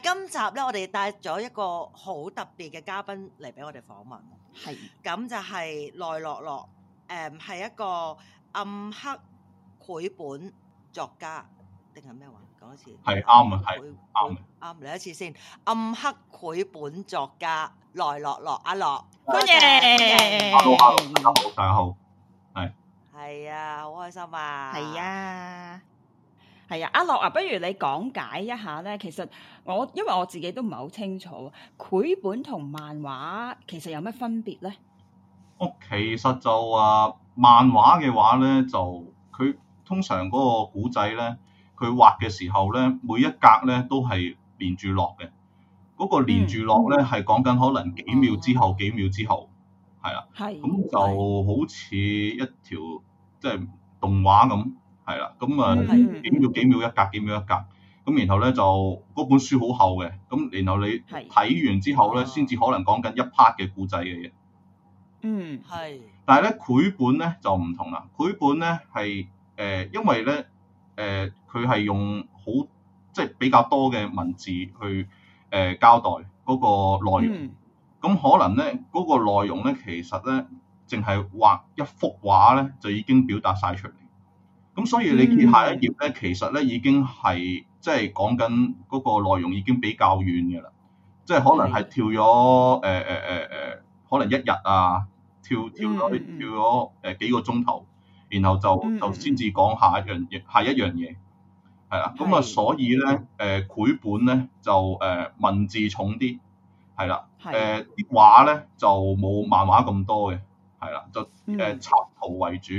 今集咧，我哋帶咗一個好特別嘅嘉賓嚟俾我哋訪問，係咁是、嗯、就係奈樂樂，誒係一個暗黑繪本作家，定係咩話？講一次，係啱啊，係啱嘅，啱嚟一次先，暗黑繪本作家奈樂樂阿樂，歡迎 hello, hello, 大家好棒，係係謝、hey。啊，好開心啊，係啊。係啊，阿樂啊，不如你講解一下咧。其實我因為我自己都唔係好清楚，繪本同漫畫其實有咩分別咧？哦，其實就話，漫畫嘅話咧，就佢通常嗰個古仔咧，佢畫嘅時候咧，每一格咧都係連住落嘅。嗰、那個連住落咧，係講緊可能幾秒之後、嗯、幾秒之後，係啊。係的。咁就好似一條即係、就是、動畫咁。係啦，咁啊、嗯、幾秒幾秒一格，幾秒一格咁。然後咧就嗰本書好厚嘅，咁然後你睇完之後咧，先至的可能講緊一 part 嘅故仔嘅嘢。嗯，係。但係咧繪本咧就唔同啦，繪本咧係誒，因為咧誒佢係用好即係比較多嘅文字去誒、呃、交代嗰個內容。咁、嗯、可能咧嗰、嗰個內容咧，其實咧淨係畫一幅畫咧，就已經表達晒出嚟。咁所以你見下一頁咧，其實咧已經係即係講緊嗰個內容已經比較遠嘅啦，即係可能係跳咗誒誒誒誒，可能一日啊，跳跳咗跳咗誒幾個鐘頭，然後就就先至講下一樣嘢，下一樣嘢係啦。咁啊，所以咧誒，繪本咧就誒文字重啲係啦，誒啲畫咧就冇漫畫咁多嘅係啦，就誒插圖為主。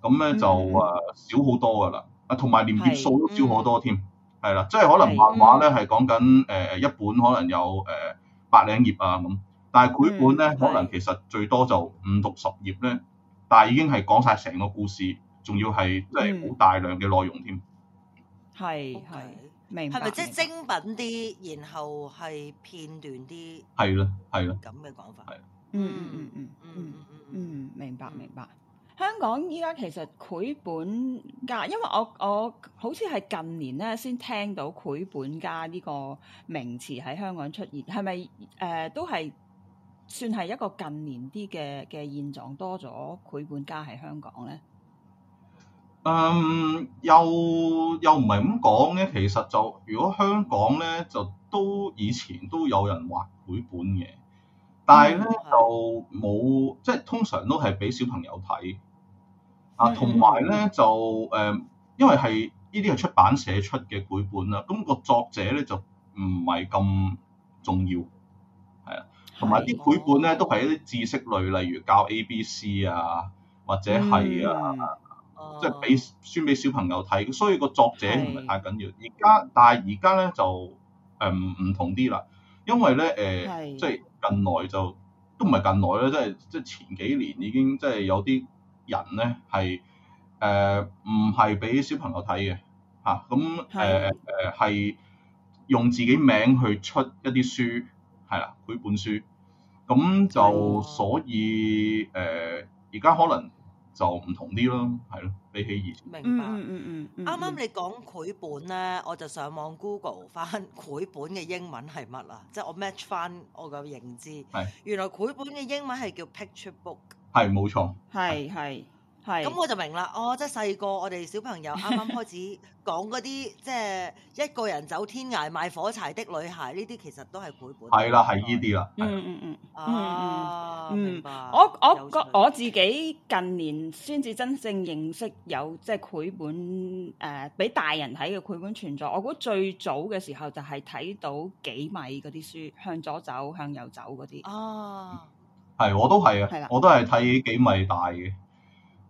咁咧、嗯、就誒少好多噶啦，啊同埋連頁數都少好多添，係啦、嗯，即係可能漫畫咧係講緊誒一本可能有誒、呃、百零頁啊咁，但係佢本咧、嗯、可能其實最多就五六十頁咧，但係已經係講晒成個故事，仲要係即係好大量嘅內容添。係係、嗯嗯嗯嗯嗯嗯嗯嗯，明白。係咪即係精品啲，然後係片段啲？係咯係咯。咁嘅講法。係。嗯嗯嗯嗯。嗯嗯嗯嗯，明白明白。香港依家其實繪本家，因為我我好似係近年咧先聽到繪本家呢個名詞喺香港出現，係咪誒都係算係一個近年啲嘅嘅現狀多咗繪本家喺香港咧？嗯，又又唔係咁講咧。其實就如果香港咧，就都以前都有人畫繪本嘅，但係咧、嗯、就冇，的即係通常都係俾小朋友睇。啊，同埋咧就誒、呃，因為係呢啲係出版社出嘅繪本啦，咁、嗯個作者咧就唔係咁重要，係啊，同埋啲繪本咧都係一啲知識類，例如教 A、B、C 啊，或者係啊，即係俾宣俾小朋友睇，所以個作者唔係太緊要。而家是，但係而家咧就誒唔唔同啲啦，因為咧誒，呃、是即係近來就都唔係近來啦，即係即係前幾年已經即係有啲。人咧係誒唔係俾小朋友睇嘅吓，咁誒誒係用自己名去出一啲書係啦，繪本書，咁就的所以誒而家可能就唔同啲咯，係咯，比起以前明白，嗯嗯啱啱、嗯嗯、你講繪本咧，我就上網 Google 翻繪本嘅英文係乜啊？即、就、係、是、我 match 翻我嘅認知，係的原來繪本嘅英文係叫 picture book。係冇錯，係係係，咁是我就明啦。哦，即係細個，我哋小朋友啱啱開始講嗰啲， 即係一個人走天涯賣火柴的女孩呢啲，其實都係繪本。係啦，係呢啲啦。的嗯嗯嗯，啊，嗯，嗯啊、嗯我我個趣我自己近年先至真正認識有即係繪本誒，俾、呃、大人睇嘅繪本存在。我估最早嘅時候就係睇到幾米嗰啲書，向左走，向右走嗰啲。啊。係，我都係啊！的我都係睇幾米大嘅。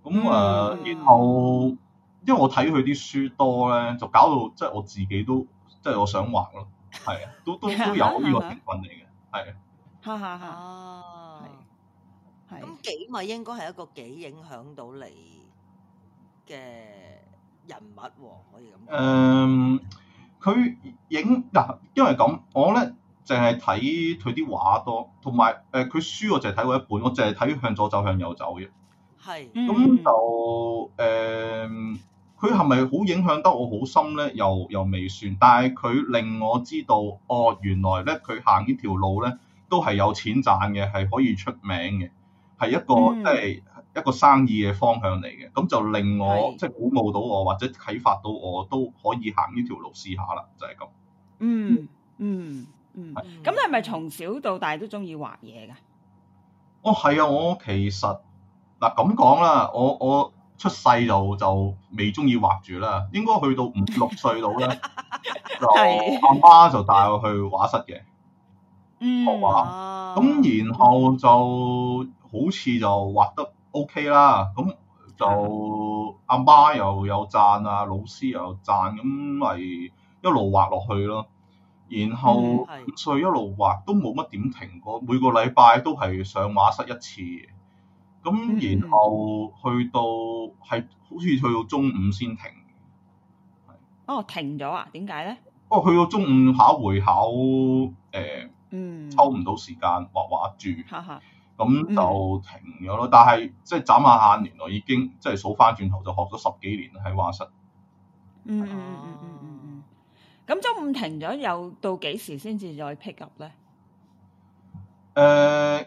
咁誒，嗯、然後因為我睇佢啲書多咧，就搞到即係、就是、我自己都即係、就是、我想畫咯。係啊，都都都有呢個成分嚟嘅。係、嗯、啊。哈，嚇嚇！係。咁幾米應該係一個幾影響到你嘅人物喎？可以咁。誒，佢影嗱，因為咁我咧。淨係睇佢啲畫多，同埋誒佢書我淨係睇過一本，我淨係睇向左走向右走嘅。係咁是、嗯、就誒，佢係咪好影響得我好深咧？又又未算，但係佢令我知道哦，原來咧佢行呢條路咧都係有錢賺嘅，係可以出名嘅，係一個、嗯、即係一個生意嘅方向嚟嘅。咁就令我是即係鼓舞到我，或者啟發到我都可以行呢條路試下啦，就係、是、咁。嗯嗯。嗯。咁你係咪從小到大都中意畫嘢噶嗯、是哦，係啊，我其實嗱咁講啦，我我出世就就未中意畫住啦，應該去到五六歲到咧， 就阿媽是就帶我去畫室嘅學畫，咁、嗯啊啊、然後就好似就畫得 OK 啦，咁就阿媽 又有讚啊，老師又有讚，咁咪一路畫落去咯。然後再、嗯、一路畫，都冇乜點停過。每個禮拜都係上畫室一次。咁、嗯、然後去到係好似去到中午先停。哦，停咗啊？點解咧？哦，去到中午考會考，呃、嗯，抽唔到時間畫畫住，咁哈就停咗咯。嗯、但係即係眨下眼，原來已經即係數翻轉頭就學咗十幾年喺畫室。嗯嗯嗯嗯嗯。啊咁中午停咗，又到幾時先至再 pick up 咧？誒嗱、呃，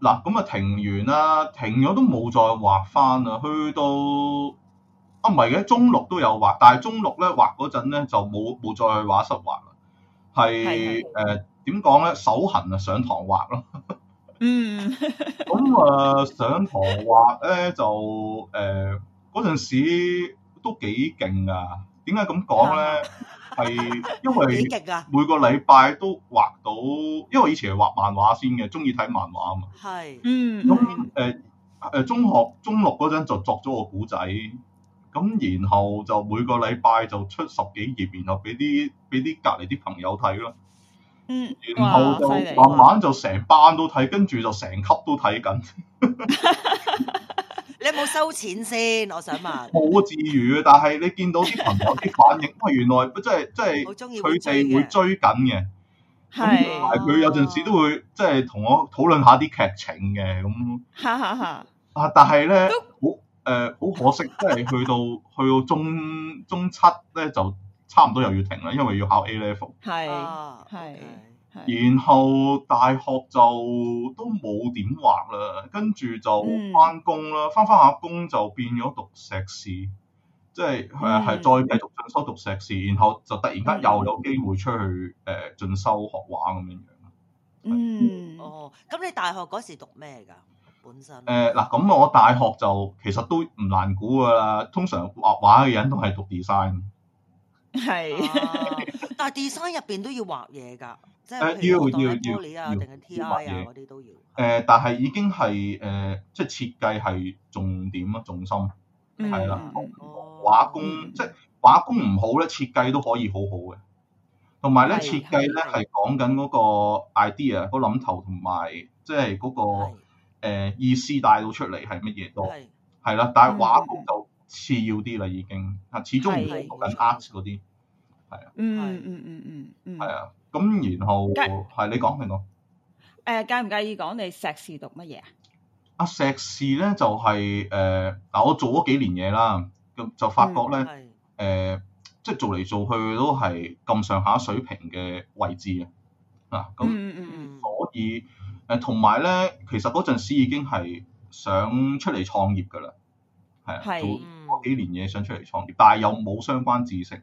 咁啊停完啦，停咗都冇再畫翻畫返啦。去到啊唔係嘅中六都有畫，但係中六咧畫嗰陣咧就冇冇再去畫室畫啦。係誒點講咧？手痕啊，上堂畫咯。嗯，咁啊上堂畫咧就誒嗰陣時都幾勁㗎。點解咁講咧？ 係， 因為每個禮拜都畫到，因為以前係畫漫畫先嘅，中意睇漫畫啊嘛。係是，嗯。咁誒誒，中學中六嗰陣就作咗個古仔，咁然後就每個禮拜就出十幾頁，然後俾啲俾啲隔籬啲朋友睇咯。嗯，然後就慢慢就成班都睇，跟住就成級都睇緊。 你有冇收錢先？我想問。冇至於，但係你見到啲朋友啲反應， 原來真係真係好中意，佢哋會追緊嘅。咁佢是有陣時都會即係同我討論下啲劇情嘅咁。哈哈哈！啊，但係咧，好誒， 好、呃、可惜，即係去到去到中中七咧，就差唔多又要停啦，因為要考 A level。係係。然後大學就都冇點畫啦，跟住就返工啦，返返、嗯、下工就變咗讀碩士，即係，係係再繼續進修讀碩士，然後就突然間又有機會出去誒、呃、進修學畫咁樣樣。嗯，哦，咁你大學嗰時讀咩噶？本身誒嗱，咁、呃、我大學就其實都唔難估噶啦，通常畫畫嘅人都係讀 design。係是、 啊，但係 design 入邊都要畫嘢噶。誒要要要要，都誒但係已經係誒，即係設計係重點咯，重心係啦。畫工即係畫工唔好咧，設計都可以好好嘅。同埋咧，設計咧係講緊嗰個 idea，個諗頭同埋即係嗰個誒意思帶到出嚟係乜嘢都。係啦。但係畫工就次要啲啦，已經啊，始終唔係講緊 art 嗰啲係啊。嗯嗯嗯嗯嗯，係啊。咁然後係解你講你講，誒、呃、介唔介意講你碩士讀乜嘢啊？啊碩士咧就係誒嗱我做咗幾年嘢啦，咁就，就發覺咧誒、嗯呃、即係做嚟做去都係咁上下水平嘅位置嘅，嗱、啊、咁，嗯嗯嗯、所以誒同埋咧其實嗰陣時已經係想出嚟創業嘅啦，係啊是做咗幾年嘢想出嚟創業，但係又冇相關知識。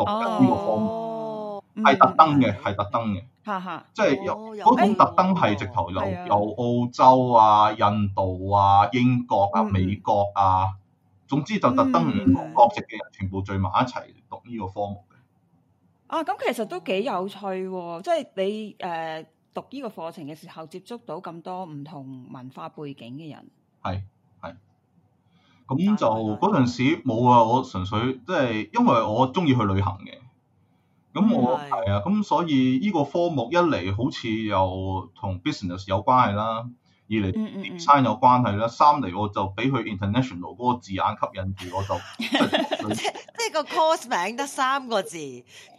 讀呢個科目係特登嘅，係特登嘅，哈哈，即係、uh, 哦、有嗰種特登係直頭由由澳洲啊、uh, 印度啊、uh, 英國啊、uh, 美國啊，uh, 總之就特登唔同國籍嘅人全部聚埋一齊讀呢個科目嘅。啊，咁其實都幾有趣、哦，即、就、係、是、你誒、uh, 讀呢個課程嘅時候，接觸到咁多唔同文化背景嘅人，係係。咁就嗰陣時冇啊，我純粹即係因為我中意去旅行嘅，咁我係啊，咁的所以呢個科目一嚟好似又同 business 有關係啦，二嚟 design 有關係啦，嗯嗯嗯三嚟我就俾佢 international 嗰個字眼吸引住我就，即即、這個 course 名得三個字，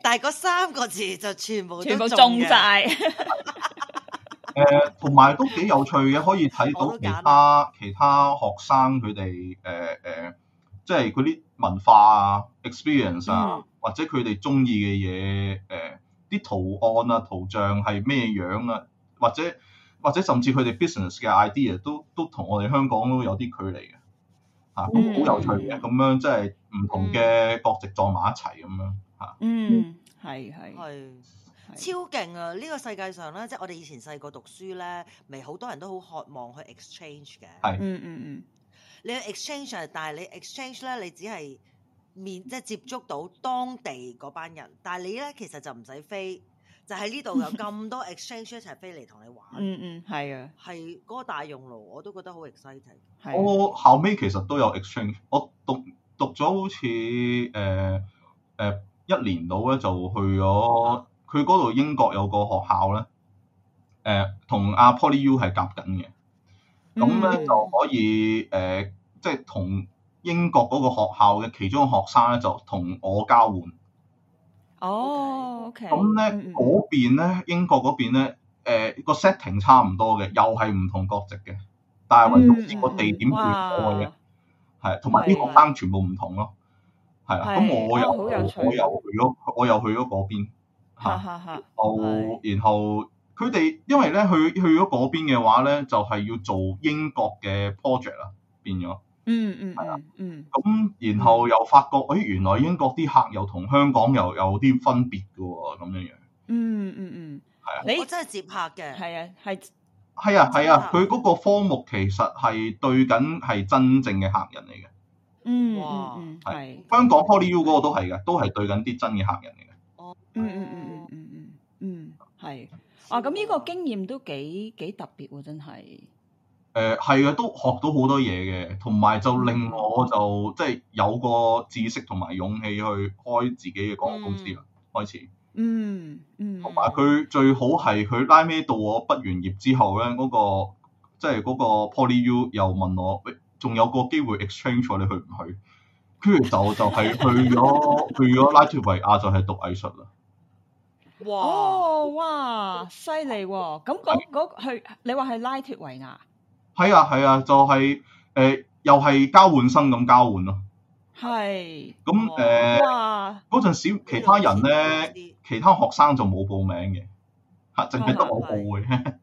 但係嗰三個字就全部都全部中晒。 誒，同埋、 呃、都幾有趣嘅，可以睇到其他其他學生佢哋誒誒，即係嗰啲文化啊、experience 啊，嗯、或者佢哋中意嘅嘢誒，啲、呃、圖案啊、圖像係咩樣啊，或者或者甚至佢哋 business 嘅 idea 都都同我哋香港都有啲距離嘅，嚇、啊，好有趣嘅咁、嗯、樣，即係唔同嘅國籍撞埋一齊咁樣嚇。嗯，係係係。超勁啊！呢個世界上咧，即係我哋以前細個讀書咧，咪好多人都好渴望去 exchange 嘅。係嗯嗯嗯，你去 exchange, 你 exchange 但係你 exchange 咧，你只係面即係接觸到當地嗰班人，但係你咧其實就唔使飛，就喺呢度有咁多 exchange 一齊飛嚟同你玩。嗯嗯， 係啊，係嗰個大熔爐我都覺得好 exciting。我後尾其實都有 exchange，我讀讀咗好似誒誒一年度咧就去咗。佢嗰度英國有個學校咧，誒同阿 PolyU 係夾緊嘅，咁咧、嗯、就可以誒，即係同英國嗰個學校嘅其中學生咧，就同我交換。哦，OK，咁咧嗰邊咧英國嗰邊咧，誒個 setting 差唔多嘅，又係唔同國籍嘅，但係唯獨呢個地點獨特嘅，係同埋啲學生全部唔同咯，係啦的，咁、嗯嗯、我又我又去咗，我又去咗嗰邊。嚇嚇嚇！哦，然後佢哋因為咧去去咗嗰邊嘅話咧，就係要做英國嘅 project 啦，變咗。嗯嗯。係啊。嗯。咁然後又發覺，誒原來英國啲客又同香港又有啲分別㗎喎，咁樣樣。嗯嗯嗯。係啊。你真係接客嘅，係啊，係。係啊係啊，佢嗰個科目其實係對緊係真正嘅客人嚟嘅。嗯。哇！係。香港 PolyU 嗰個都係嘅，都係對緊啲真嘅客人嚟嘅。嗯嗯嗯嗯嗯嗯嗯，係啊，咁呢個經驗都幾幾特別喎，真係。誒係啊，都學到好多嘢嘅，同埋就令我就即係、就是、有個知識同埋勇氣去開自己嘅廣告公司啦。嗯、開始。嗯嗯。同埋佢最好係佢拉尾到我畢完業之後咧，嗰、嗰個即係嗰個 Poly U 又問我，仲有個機會 exchange 我，你去唔去？跟住就去 去就係去咗去咗拉脫維亞，就係讀藝術啦。哇！哇！犀利喎！咁嗰嗰佢，你話係拉脫維亞？係啊係啊，就係、是、誒、呃，又係交換生咁交換咯、啊。係咁誒、嗰、哦、陣、嗯、時其他人咧，其他學生就冇報名嘅，吓淨係得我報嘅。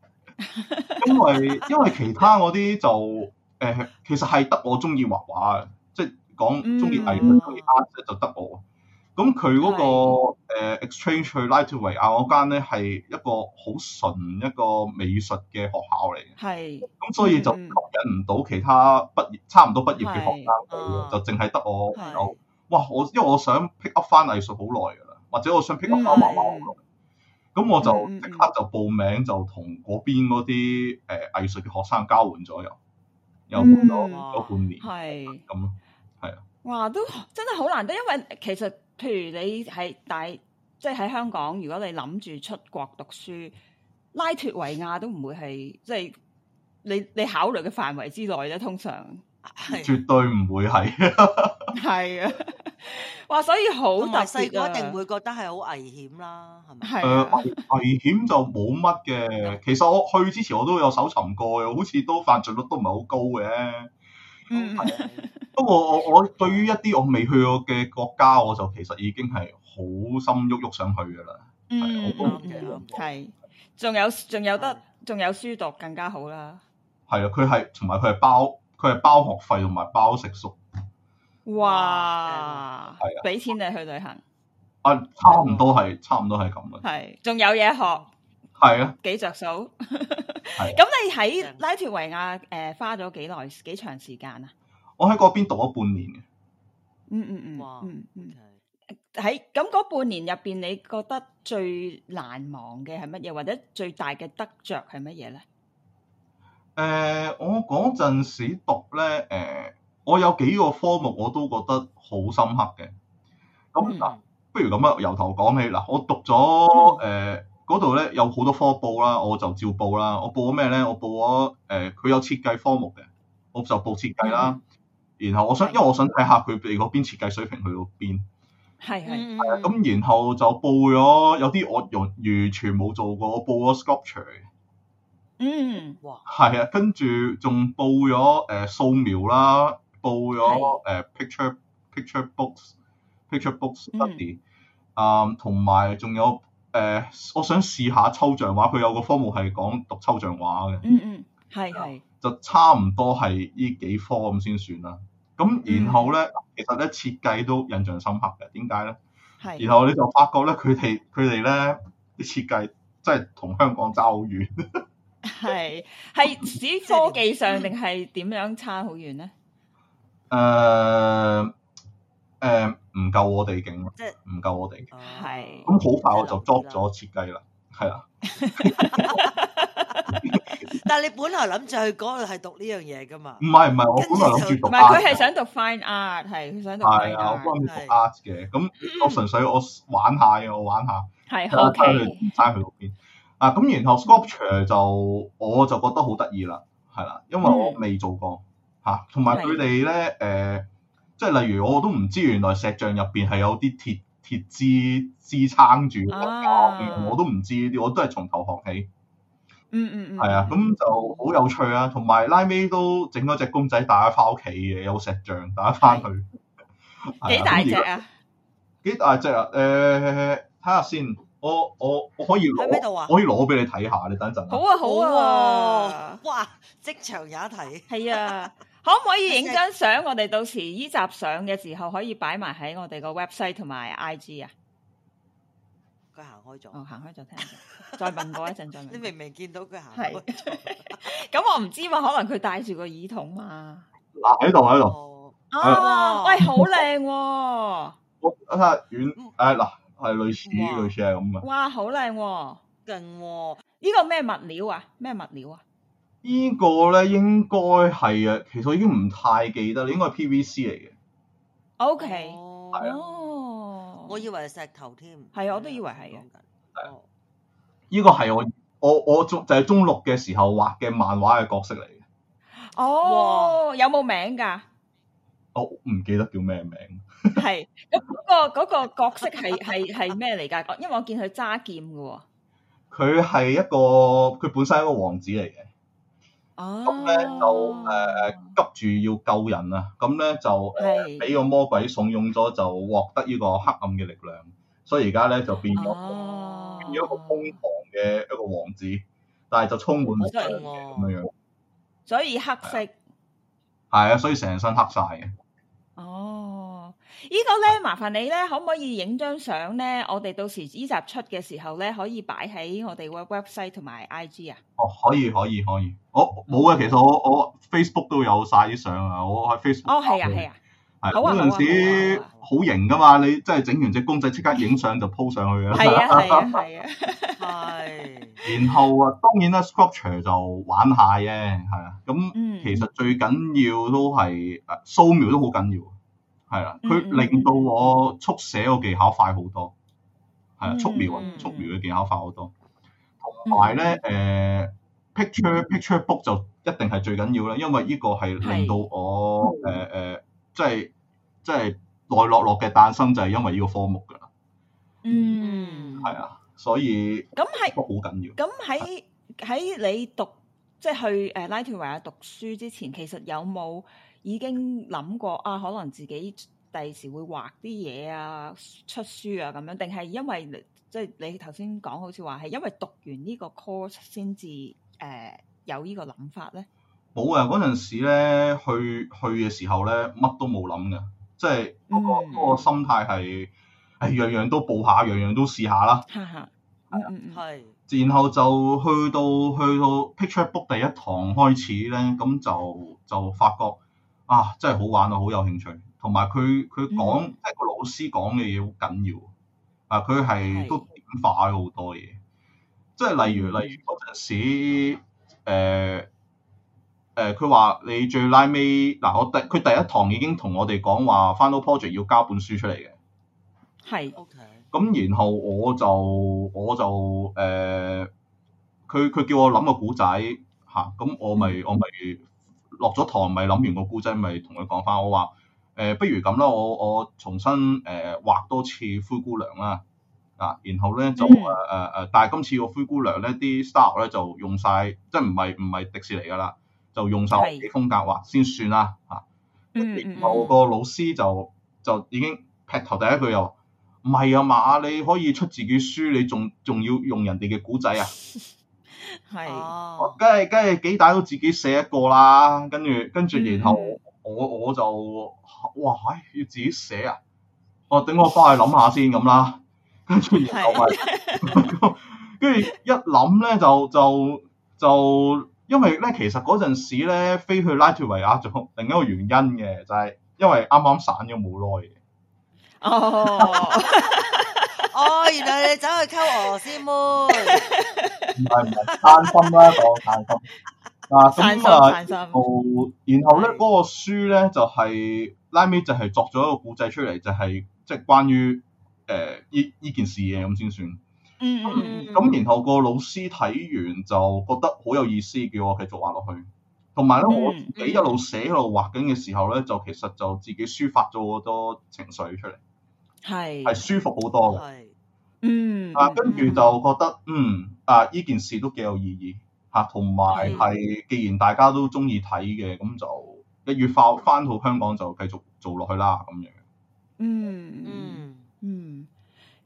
因為因為其他嗰啲就誒、呃，其實係得我中意畫畫嘅，即係講中意藝術、中意藝，就得我。咁佢嗰個 exchange 去拉脫維亞啊嗰間咧係一個好純一個美術嘅學校嚟嘅，係咁所以就吸引唔到其他畢業差唔多畢業嘅學生去，就淨係得我有哇！我因為我想 pick up 翻藝術好耐噶啦，或者我想 pick up 畫畫好耐，咁我就即刻就報名就同嗰邊嗰啲誒藝術嘅學生交換咗又，又學咗半年，係咁咯，係啊，哇！都真係好難得，因為其實。譬如你喺大，即係喺香港，如果你諗住出國讀書，拉脫維亞都唔會係即係你你考慮嘅範圍之內咧，通常絕對唔會係，係 是啊， 哇！所以好特別，我一定會覺得係好危險啦，係咪？誒是、啊 呃，危危險就冇乜嘅。其實我去之前我都有搜尋過，好似都犯罪率都唔係好高嘅。係，不過、嗯、 我我對於一啲我未去過嘅國家，我就其實已經係好心喐喐想去噶啦。嗯，係，仲、嗯 okay, okay. 有仲有得仲是有書讀更加好啦。係啊，佢係同埋佢係包，佢係包學費同埋包食宿。哇，係啊的，俾錢你去旅行啊，差唔多係，的差唔多係咁嘅。係，仲有嘢學。係啊，幾着數？咁好 的你喺拉脱維亞誒、呃，花咗幾耐幾長時間啊？我喺嗰邊讀咗半年嘅。嗯嗯嗯，嗯嗯。喺咁嗰半年入邊，你覺得最難忘嘅係乜嘢，或者最大嘅得着係乜嘢咧？誒、呃，我嗰陣時讀咧，誒、呃，我有幾個科目我都覺得好深刻嘅。咁嗱，嗯、不如咁啊，由頭講起。嗱，我讀咗誒。呃嗯嗰度咧，有好多科報啦，我就照報啦。我報咗咩咧？我報咗誒，佢、呃、有設計科目嘅，我就報設計啦。嗯、然後我想，的因為我想睇下佢哋嗰邊設計水平去到邊？係係的。係啊、嗯，咁然後就報咗有啲我完全冇做過，我報咗 sculpture。嗯。哇。係啊，跟住仲報咗誒素描啦，報咗誒的、呃、picture picture books picture books study、嗯。啊、嗯，同埋仲有。誒、呃，我想試下抽象畫，佢有個科目係講讀抽象畫嘅、嗯。嗯嗯，係係。就差唔多係呢幾科咁先算啦。咁然後咧，其實咧設計都印象深刻嘅。點解咧？係是。然後你就發覺咧，佢哋佢哋咧啲設計，真係同香港差好遠。係係喺科技上定係點樣差好遠咧？誒、呃。誒，唔夠我哋勁，即係唔夠我哋勁。係。咁好快我就 job 咗設計啦，係啦。但係你本來諗住去嗰度係讀呢樣嘢噶嘛？唔係唔係，我本來諗住讀。唔係佢係想讀 Fine Art，係佢想讀。係啊，我幫佢讀 Art 嘅。咁我純粹我玩下嘅，我玩下。係，O K。我派佢，派佢到邊？啊，咁然後 Sculpture 就我就覺得好得意啦，係啦，因為我未做過吓，同埋佢哋咧誒。即係例如我都唔知，原來石像入邊係有啲鐵鐵支支撐住。啊，其實我都唔知呢啲，我都係從頭學起。嗯嗯嗯。係、嗯嗯、啊，咁就好有趣啊。同埋拉尾都整咗隻公仔帶，大家翻屋企嘅有石像帶，是打家大家翻去。幾大隻啊？幾大隻啊？誒，睇下、啊呃、先，我我我可以攞，啊、我可以攞俾你睇下。你等一陣、啊。好啊好啊！哇，職場有一題。係啊。可唔可以影張相？我哋到時依集相嘅時候可以擺埋喺我哋個 website 同埋 IG 啊、oh。佢行開咗，行開再聽，再問過一陣再問。你明明見到佢行開，咁我唔知嘛，可能佢戴住個耳筒嘛。嗱喺度喺度，哦，喂，好靚。我睇下遠，誒，嗱，係類似，類似係咁啊。哇，好靚，勁。呢個咩物料啊？咩物料啊？呢個咧應該係誒，其實我已經唔太記得，應該係 PVC 嚟嘅。OK，哦，我以為係石頭添，係啊，我都以為係啊。哦，呢個係我我我就係中六嘅時候畫嘅漫畫嘅角色嚟嘅。哦，有冇名噶？我唔記得叫咩名。係咁，嗰個嗰個角色係係係咩嚟噶？因為我見佢揸劍噶喎。佢係一個佢本身係一個王子嚟嘅。咁咧、啊、就誒、呃、急住要救人啊！咁咧就誒俾是個魔鬼慫恿咗，就獲得呢個黑暗嘅力量，所以而家咧就變咗、啊、變咗個瘋狂嘅一個王子，嗯、但係就充滿黑嘅咁樣樣。所以黑色係啊，啊，所以成身黑晒嘅。哦。呢個咧，麻煩你咧，可唔可以影張相咧？我哋到時呢集出嘅時候咧，可以擺喺我哋 web website 同埋 IG 啊。哦，可以，可以，可以。我冇啊，其實我我 Facebook 都有晒啲相啊。我喺 Facebook。哦，係啊，係啊。係嗰陣時好型噶嘛？你即係整完隻公仔，即刻影相就 po 上去啊。係啊，係啊，係啊，係。然後啊，當然啦，sculpture 就玩下啫。係啊。咁其實最緊要都係啊，素描都好緊要。係啦，佢令到我速寫個技巧快好多，係啊，素描啊，素描嘅技巧快好多。同埋咧，誒、嗯呃、，picture picture book 就一定係最緊要啦，因為呢個係令到我誒誒，即係即係奈樂樂嘅誕生就係因為呢個科目噶啦。嗯。係啊、呃嗯，所以咁係、嗯、都好緊要。咁喺喺你讀即係、就是、去誒拉脫維亞讀書之前，其實有冇？已經諗過啊，可能自己第時會畫啲嘢啊、出書啊咁樣，定係因為即係你頭先講好似話係因為讀完呢個 course 先至誒有個呢個諗法咧？冇啊！嗰陣時咧去去嘅時候咧，乜都冇諗嘅，即係嗰、嗰個嗯、個心態係係樣樣都報下，樣樣都試下啦。嚇嚇，嗯嗯嗯，係。然後就去到去到 picture book 第一堂開始咧，咁就就，就發覺。啊！真係好玩啊，好有興趣。同埋佢佢講，即係、嗯、個老師講嘅嘢好緊要。啊，佢係都簡化咗好多嘢。即係例如，例如嗰陣時，誒佢話你最拉尾嗱，我第佢第一堂已經同我哋講話，Final project 要交本書出嚟嘅。係是。OK。咁然後我就我就誒，佢、呃、佢叫我諗個古仔嚇，咁、啊、我咪、嗯、我咪。落咗堂咪諗完個故仔咪同佢講翻，我話誒、呃、不如咁啦，我我重新誒、呃、畫多次灰姑娘啦啊，然後咧就誒誒誒，但係今次個灰姑娘咧啲 style 咧就用晒，即係唔係唔係迪士尼噶啦，就用曬自己風格畫是先算啦嚇。有、啊嗯嗯、個老師就就已經劈頭第一句又唔係啊嘛，你可以出自己書，你仲仲要用人哋嘅古仔啊？ 係，我梗係梗係幾大都自己寫一個啦，跟住跟住然後、嗯、我我就哇，要、哎、自己寫、就是、 啊，我等我翻去諗下先咁啦，跟住然後咪，跟住一諗咧就就就因為咧其實嗰陣時咧飛去拉脫維亞仲有另一個原因嘅，就係、是、因為啱啱散咗冇耐。哦。 哦，原來你走去溝我師妹，唔係唔係，單心啦，講太心。單身，然後咧，嗰，這個書咧就係拉尾，就係、是、作咗一個故仔出嚟，就係即係關於誒呢呢件事嘅咁先算。嗯，咁然後個老師睇完就覺得好有意思，叫我繼續畫落去。同埋咧，我自己一路寫一路畫緊嘅時候咧，就其實就自己抒發咗好多情緒出嚟，係係 是 舒服好多嘅。 嗯，啊、嗯，啊，跟住就覺得嗯，啊，呢件事都幾有意義嚇，同埋係既然大家都中意睇嘅，咁的就一月翻翻到香港就繼續做落去啦咁樣嗯。嗯嗯嗯，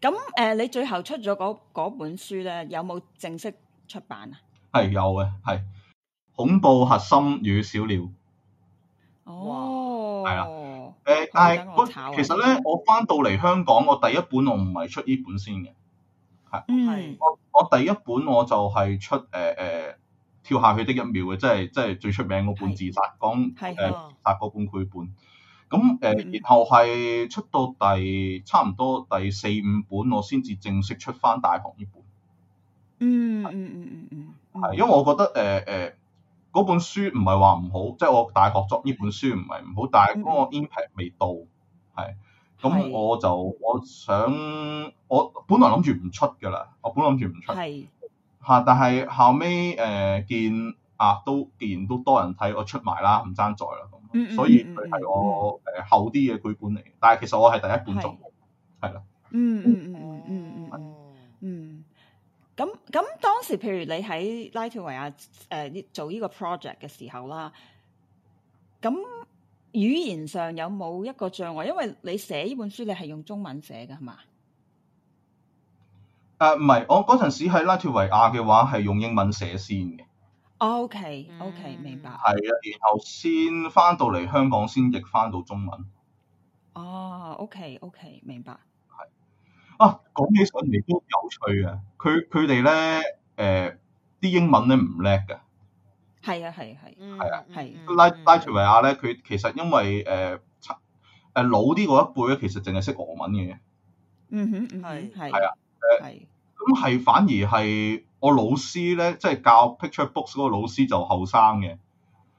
咁誒、呃，你最後出咗嗰本書咧，有冇正式出版啊？係有嘅，係《恐怖核心與小鳥》。哦，係啊。誒，嗯、但係是其實咧，我返到嚟香港，我第一本我唔係出呢本先嘅，係，嗯是，我我第一本我就係出，誒、呃、誒，跳下去的一秒嘅，即係即係最出名嗰本自殺，講誒殺嗰本繪本。咁誒、呃、然後係出到第差唔多第四五本，我先至正式出翻大學呢本，嗯嗯嗯嗯嗯，係因為我覺得誒誒。呃呃嗰本書唔係話唔好，即、就、係、是、我大學作呢本書唔係唔好，但係嗰個 impact 未到，係，咁我就我想我本來諗住唔出㗎啦，我本諗住唔出，嚇是、啊，但係後尾誒、呃、見啊都既然都多人睇，我出埋啦，唔爭在啦，咁，所以佢係、嗯嗯嗯嗯、我誒厚啲嘅繪本嚟，但係其實我係第一本做，係啦是、嗯，嗯嗯嗯嗯嗯。嗯咁當時，譬如你喺拉脱維亞誒、呃、做呢個 project 嘅時候啦，咁、啊、語言上有冇一個障礙？因為你寫呢本書，你係用中文寫嘅係嘛？誒唔係，我嗰陣時喺拉脱維亞嘅話係用英文寫先嘅。OK OK，明白。係啊，然後先翻到嚟香港先譯翻到中文。哦、uh，OK OK，明白。啊，講起上嚟都有趣嘅。佢佢哋咧，誒啲英文咧唔叻嘅。係啊，係 係，係啊的，係。拉拉脱維亞咧，佢其實因為誒誒老啲嗰一輩咧，其實淨係識俄文嘅。嗯哼，係係。係啊，誒，咁係反而係我老師咧，即係教 picture books 嗰個老師就後生嘅。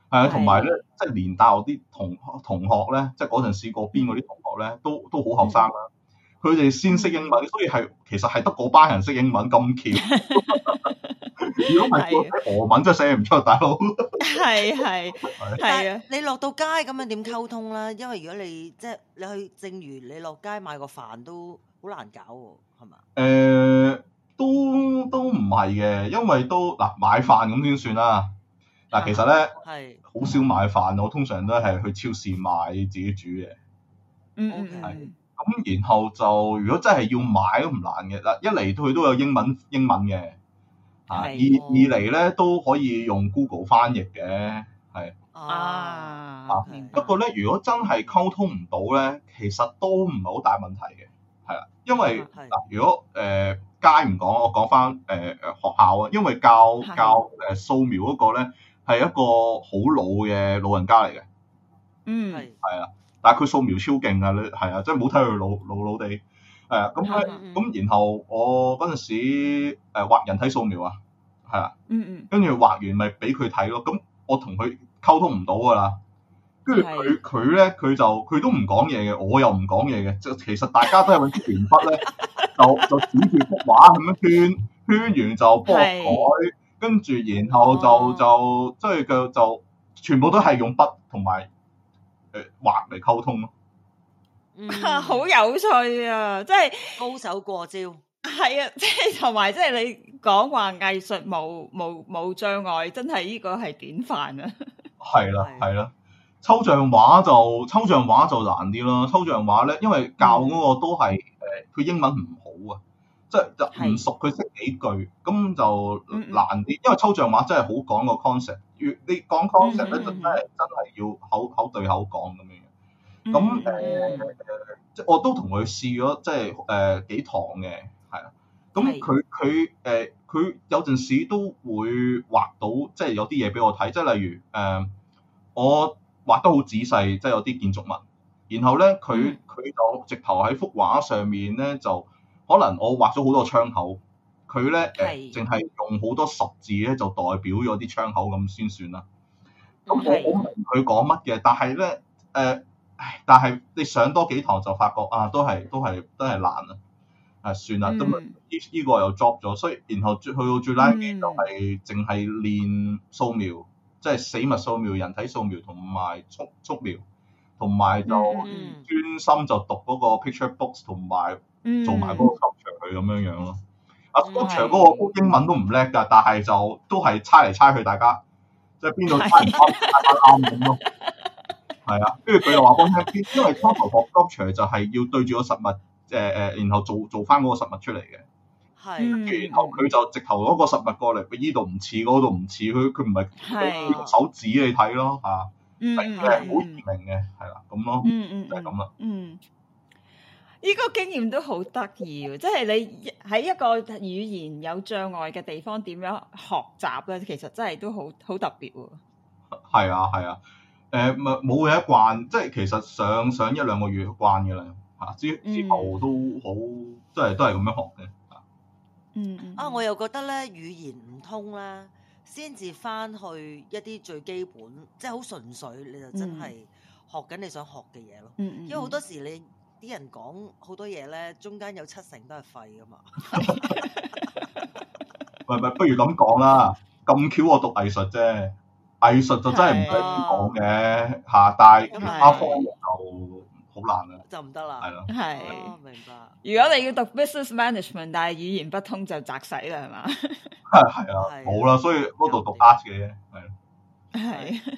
誒的，同埋咧，即係連大學啲同學同學咧，即係嗰陣時嗰邊嗰啲同學咧，都都好後生啦。佢哋先識英文，所以係其實係得嗰班人識英文咁橋。如果唔係俄文，真係寫唔出，大佬。係係係啊！你落到街咁樣點溝通啦？因為如果你即係你去，正如你落街買個飯都好難搞喎，係嘛？誒、呃，都都唔係嘅，因為都嗱買飯咁先算啦。嗱，其實咧，係好少買飯，我通常都係去超市買自己煮嘅。嗯。OK。咁然後就如果真係要買都唔難嘅嗱，一嚟佢都有英文英文嘅，啊的二二嚟咧都可以用 Google 翻譯嘅，係啊，不過咧如果真係溝通唔到咧，其實都唔係好大問題嘅。係啊，因為嗱如果誒、呃、街唔講，我講翻講返誒誒學校啊，因為教教誒素描嗰個咧係一個好老嘅老人家嚟嘅，嗯的，係係啊。但係佢素描超勁啊！你係啊，即係冇睇佢老老老地，係啊。咁咁，然後我嗰陣時誒、呃、畫人體素描啊，係啊。嗯嗯。跟住畫完咪俾佢睇咯。咁我同佢溝通唔到㗎啦。跟住佢佢咧，佢的就佢都唔講嘢嘅，我又唔講嘢嘅。就其實大家都係揾啲鉛筆咧， 就就指住幅畫咁樣圈圈完就幫我改，的跟住然後就就即係佢就，就，就，就，就，就全部都係用筆同埋。誒，畫嚟溝通咯、嗯，好有趣啊！即係高手過招，係啊！即係同埋，即係你講話藝術冇冇冇障礙，真係呢個係典範啊！係啦、啊，係啦、啊啊啊，抽象畫就抽象畫就難啲啦。抽象畫咧，因為教嗰個都係誒，佢、嗯、英文唔好啊。即係就唔熟，佢識幾句，咁就難啲。因為抽象畫真係好講個 concept。如你講 concept 咧，就真係真係要口口對口講咁樣。咁誒，即係我都同佢試咗，即係誒幾堂嘅，係啦。咁佢佢誒佢有陣時都會畫到，即係有啲嘢俾我睇。即係例如誒、呃，我畫得好仔細，即係有啲建築物。然後咧，佢佢就直頭喺幅畫上面咧就。可能我畫咗好多窗口，佢咧誒，淨係是、呃、用好多十字咧就代表咗啲窗口咁先算啦。咁我好明佢講乜嘅，但係咧誒，但係你上多幾堂就發覺啊，都係都係都係難啊！啊，算啦，咁啊依個又 drop 咗，所以然後去到最 last 就係淨係練素描，即係死物素描、人體素描同埋速速描，同埋就專心就讀嗰個 picture books 同埋。做埋嗰個球場佢咁樣樣咯，阿足球嗰個英文都唔叻噶，但係就都係猜嚟猜去，大家即係邊度猜唔啱，啱唔啱咯？係啊，跟住佢又話幫聽因為初頭學足球就係要對住個實物，誒誒，然後做做翻嗰個實物出嚟嘅。係，然後佢就直頭攞個實物過嚟，佢依度唔似，嗰度唔似，佢佢唔係用手指你睇咯，吓，係好易明嘅。係啦，咁咯，就係咁啦。嗯。呢個經驗都好得意喎，即係你喺一個語言有障礙嘅地方點樣學習咧，其實真係都好好特別喎。係啊，係啊，誒、呃，冇嘢慣，即係其實上上一兩個月慣嘅啦，嚇、啊，之之後都好、嗯、都係都係咁樣學嘅。嗯、啊，啊，我又覺得咧，語言唔通咧，先至翻去一啲最基本，即係好純粹，你就真係學緊你想學嘅嘢咯。嗯、因為好多時你，啲人講好多嘢咧，中間有七成都係廢㗎嘛。唔 係 不，不如咁講啦。咁巧我讀藝術啫，藝術就真係唔使點講嘅下大，係、啊啊、其他科目就好難啦、啊。就唔得啦。係咯、啊。係、啊哦。明白。 如果你要讀 business management，但係語言不通就砸死啦，係嘛？係 係 啊，冇啦、啊，所以嗰度讀，讀、啊、arts 嘅係。係。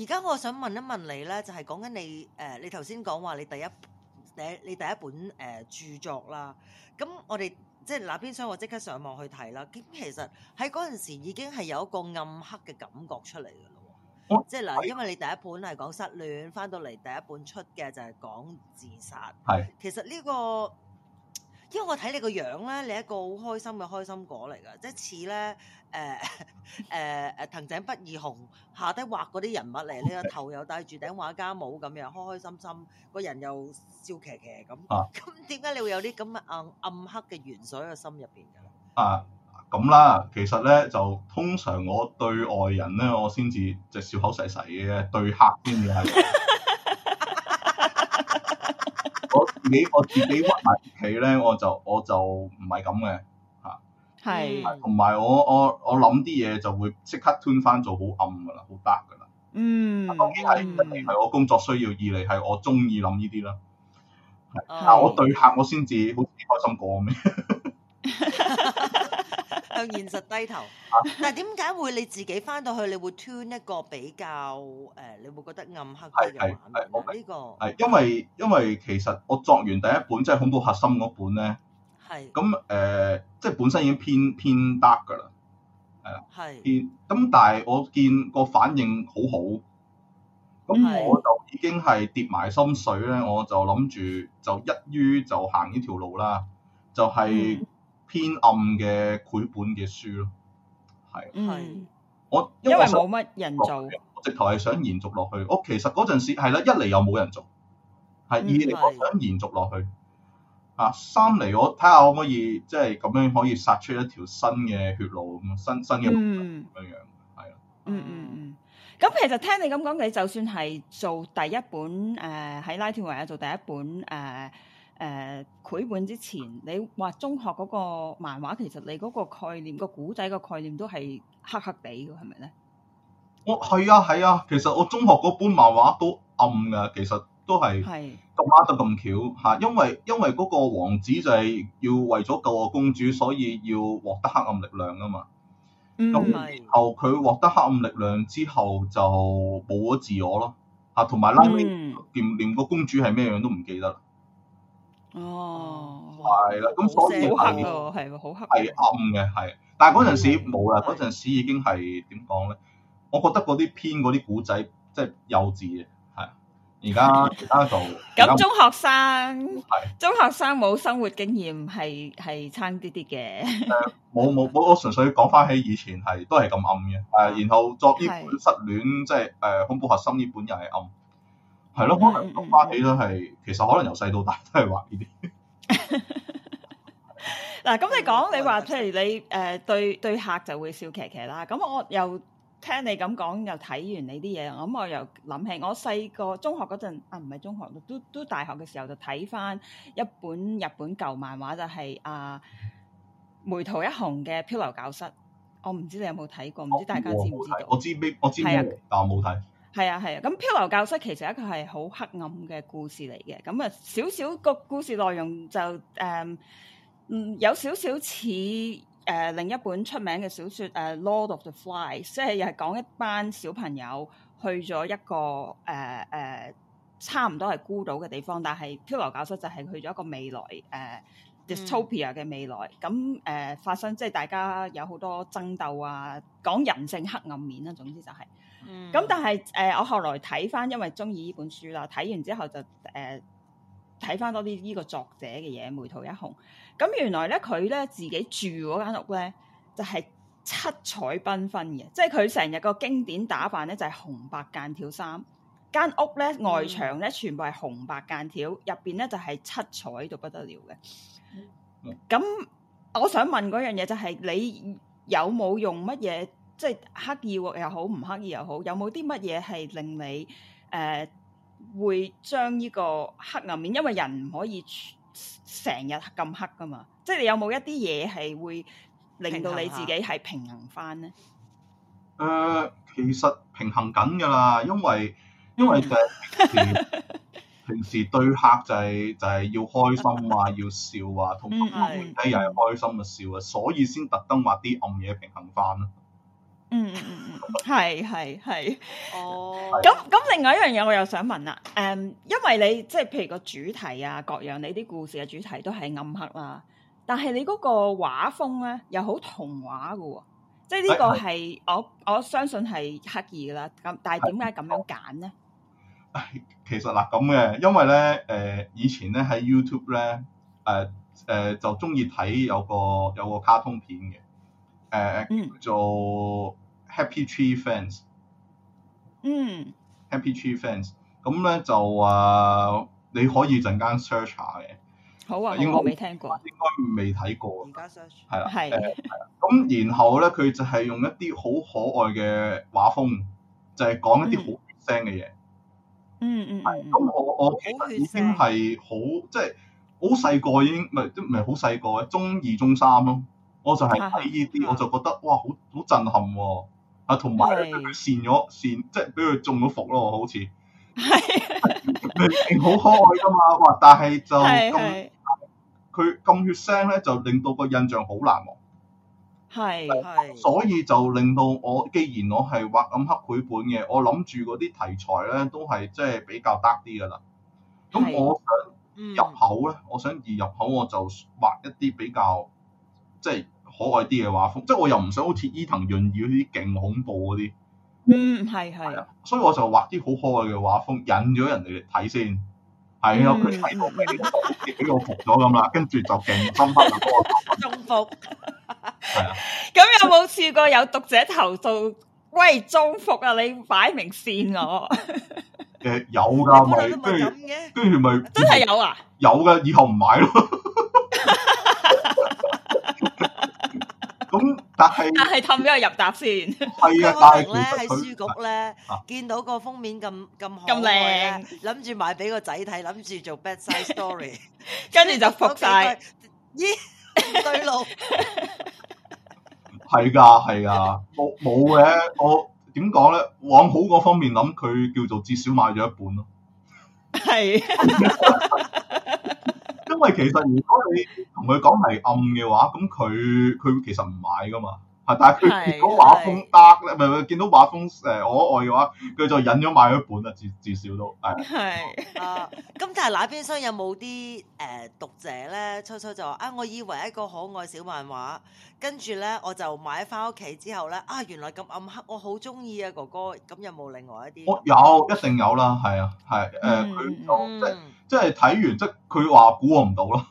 而家我想問一問你咧，就係講緊你誒，你頭先講話你第一第一你第一本誒、呃、著作啦。咁我哋即係那邊想我即刻上網去睇啦。咁其實喺嗰陣時已經係有一個暗黑嘅感覺出嚟嘅咯。即係嗱，因為你第一本係講失戀，翻到嚟第一本出嘅就係講自殺。係，其實呢、這個。因為我睇你個樣咧，你係一個好開心嘅開心果嚟噶，即係似咧誒誒誒，藤井不二雄下低畫嗰啲人物嚟，Okay. 你個頭又戴住頂畫家帽咁樣，開開心心，個人又笑茄茄咁，咁點解你會有啲咁嘅暗暗黑嘅元素喺個心入邊嘅？啊，咁啦，其實咧就通常我對外人咧，我先至就笑口噬噬嘅，對客先係。 你 我自己屈埋屋企咧，我就我就唔係咁嘅吓，係，同埋我我我諗啲嘢，就會即刻 turn 翻做好暗噶啦，好 dark 噶啦。嗯，究竟係一嚟係我工作需要以，二嚟係我中意諗呢啲啦。哎、但我對客我先至好開心過咩？啊 向現實低頭，但係點解會你自己翻到去，你會 turn 一個比較誒、呃，你會覺得暗黑嘅夜晚？係冇喺呢個，係因為因為其實我作完第一本即係、就是、恐怖核心嗰本咧，係咁誒，即係本身已經偏偏 dark 㗎啦，係，偏咁是但係我見個反應好好，咁我就已經係跌埋心水咧，我就諗住就一於就行呢條路啦，就係、是是。嗯偏暗嘅繪本嘅書咯，係，嗯、我因為冇乜人做，我直頭係想延續落去。我其實嗰陣時係啦，一嚟又冇人做，係二嚟我想延續落去，啊三嚟我睇下可唔可以即係咁樣可以殺出一條新嘅血路咁啊，新新嘅咁、嗯、樣樣，係咯、嗯，嗯嗯嗯，咁其實聽你咁講，你就算係做第一本誒喺、呃、拉脫維亞啊做第一本誒。啊誒、呃、繪本之前，你話中學嗰個漫畫，其實你嗰個概念、嗰個古仔嘅概念都係黑黑地嘅，係咪咧？我係、哦、啊係啊，其實我中學嗰本漫畫都暗嘅，其實都係咁啱是得咁巧嚇、啊，因為因為嗰個王子就係要為咗救個公主，所以要獲得黑暗力量啊嘛。咁、嗯、然後佢獲得黑暗力量之後就冇咗自我咯，嚇同埋連連個公主係咩樣都唔記得。哦，係啦，咁所以係，係喎、哦，好黑，係好黑，係暗嘅，係。但係嗰陣時冇啦，嗰陣的時已經係點講咧？我覺得嗰啲編嗰啲古仔，即係幼稚嘅，係。而家而家就咁中學生，係的中學生冇生活經驗，係，係差啲啲嘅。誒、呃，冇冇，我純粹講翻起以前係都係咁暗嘅，誒， 然後作呢本失戀，即係誒恐怖核心呢本又係暗。係咯，我我起都係，其實可能由細到大都係畫呢啲。嗱，咁 你講你話，譬如你誒對對客就會笑騎騎啦。咁我又聽你咁講，又睇完你啲嘢，咁、嗯、我又諗起我細個中學嗰陣啊，唔係中學，都都大學嘅時候就睇翻一本日本舊漫畫，就係、是、啊梅圖一雄嘅《漂流教室》。我唔知你有冇睇過，唔知大家知唔知？我我知咩？我知咩？啊、但我冇睇。係啊，係啊，咁漂流教室其實一個係好黑暗嘅故事嚟嘅，咁啊少少個故事內容就誒，嗯,嗯有少少似誒另一本出名嘅小説誒、呃《Lord of the Flies》，即係又係講一班小朋友去咗一個誒誒、呃呃、差唔多係孤島嘅地方，但係漂流教室就係、是、去咗一個未來誒、呃、Dystopia 嘅未來，咁誒、嗯嗯呃、發生即係、就是、大家有好多爭鬥啊，講人性黑暗面啦，總之就係、是。咁、嗯、但係誒、呃，我後來睇翻，因為中意呢本書啦。睇完之後就誒睇翻多啲呢個作者嘅嘢。楳圖一雄，咁、嗯、原來咧佢咧自己住嗰間屋咧就係、是、七彩繽紛嘅，即係佢成日個經典打扮咧就係、是、紅白間條衫，間屋咧外牆咧全部係紅白間條，入邊咧就係、是、七彩到不得了嘅。咁、嗯嗯、我想問嗰樣嘢就係、是、你有冇用乜嘢？即係刻意喎又好，唔刻意又好，有冇啲乜嘢係令你誒會將呢個黑暗面？因為人唔可以成日咁黑噶嘛。即係你有冇一啲嘢係會令到你自己係平衡翻咧？誒，其實平衡緊噶啦，因為因為平時平時對客就係就係要開心啊，要笑啊，同客傾偈又係開心嘅笑啊，所以先特登畫啲暗嘢平衡翻啦。嗯嗯嗯嗯，係係係，哦，咁咁另外一樣嘢，我又想問啦，誒、嗯，因為你即係譬如個主題啊，各樣你啲故事嘅主題都係暗黑啦，但係你嗰個畫風咧又好童話噶，即係呢個係、哎、我我相信係刻意噶啦，咁但係點解咁樣揀咧、哎？其實嗱咁嘅，因為咧，誒、呃，以前咧喺 YouTube 咧，誒誒、呃呃，就中意睇有個有個卡通片嘅。誒叫做 Happy Tree Fans 嗯，Happy Tree Fans 咁咧就啊，你可以陣間 search 下嘅。好啊，應該未聽過，應該未睇過。而家 search 係啦，咁然後咧，佢就係用一啲好可愛嘅畫風，就係、是、講一啲好血腥嘅嘢。嗯嗯嗯。咁我我其實已經係好，即係好細個已經，唔係唔係好細個，中二，中二，中三咯，啊。我就係睇呢啲，我就覺得哇，好好震撼喎！啊，同埋佢善咗善，即係俾佢中咗伏咯，好似係好可愛噶嘛！哇，但係就咁，佢咁是血腥咧，就令到個印象好難忘。係係是，所以就令到我，既然我係畫暗黑繪本嘅，我諗住嗰啲題材咧都係即係比較暗啲噶啦。咁我想入口咧，我想易入口，我就畫一啲比較。即係可愛啲嘅畫風，即係我又唔想好似伊藤潤二嗰啲勁恐怖嗰啲，嗯係係，所以我就畫啲好可愛嘅畫風，引咗人哋嚟睇先，係啊，佢睇到俾我俾我服咗咁啦，跟住就勁中伏啦，中伏，係啊，咁有冇試過有讀者投訴，喂中伏啊，你擺明線我，誒有噶，跟住跟住咪真係有啊，有嘅，以後唔買咯。 咁，但係但係氹咗我入搭先，係啊！但係咧喺書局咧見到個封面咁咁咁靚，諗住買俾個仔睇，諗住做 bedside story，跟住就覆晒，咦對路？係噶係噶，我冇嘅，我點講咧？往好嗰方面諗，佢叫做至少買咗一本咯。係。因為其實如果你同佢講係暗嘅話，咁佢佢其實唔買㗎嘛。但係佢如果畫風得咧是是 是，唔係唔見到畫風誒可愛嘅話，佢、欸啊、就忍咗買咗一本啦，至至少都係。係啊，咁、 uh, 但係那邊廂有冇啲誒讀者咧？初初就話啊、哎，我以為一個可愛小漫畫，跟住咧我就買翻屋企之後咧，啊原來咁暗黑，我好中意啊哥哥，咁有冇另外一啲？我、嗯、有，一定有啦，係啊，係誒，佢即係即係睇完即係佢話估我唔到囉。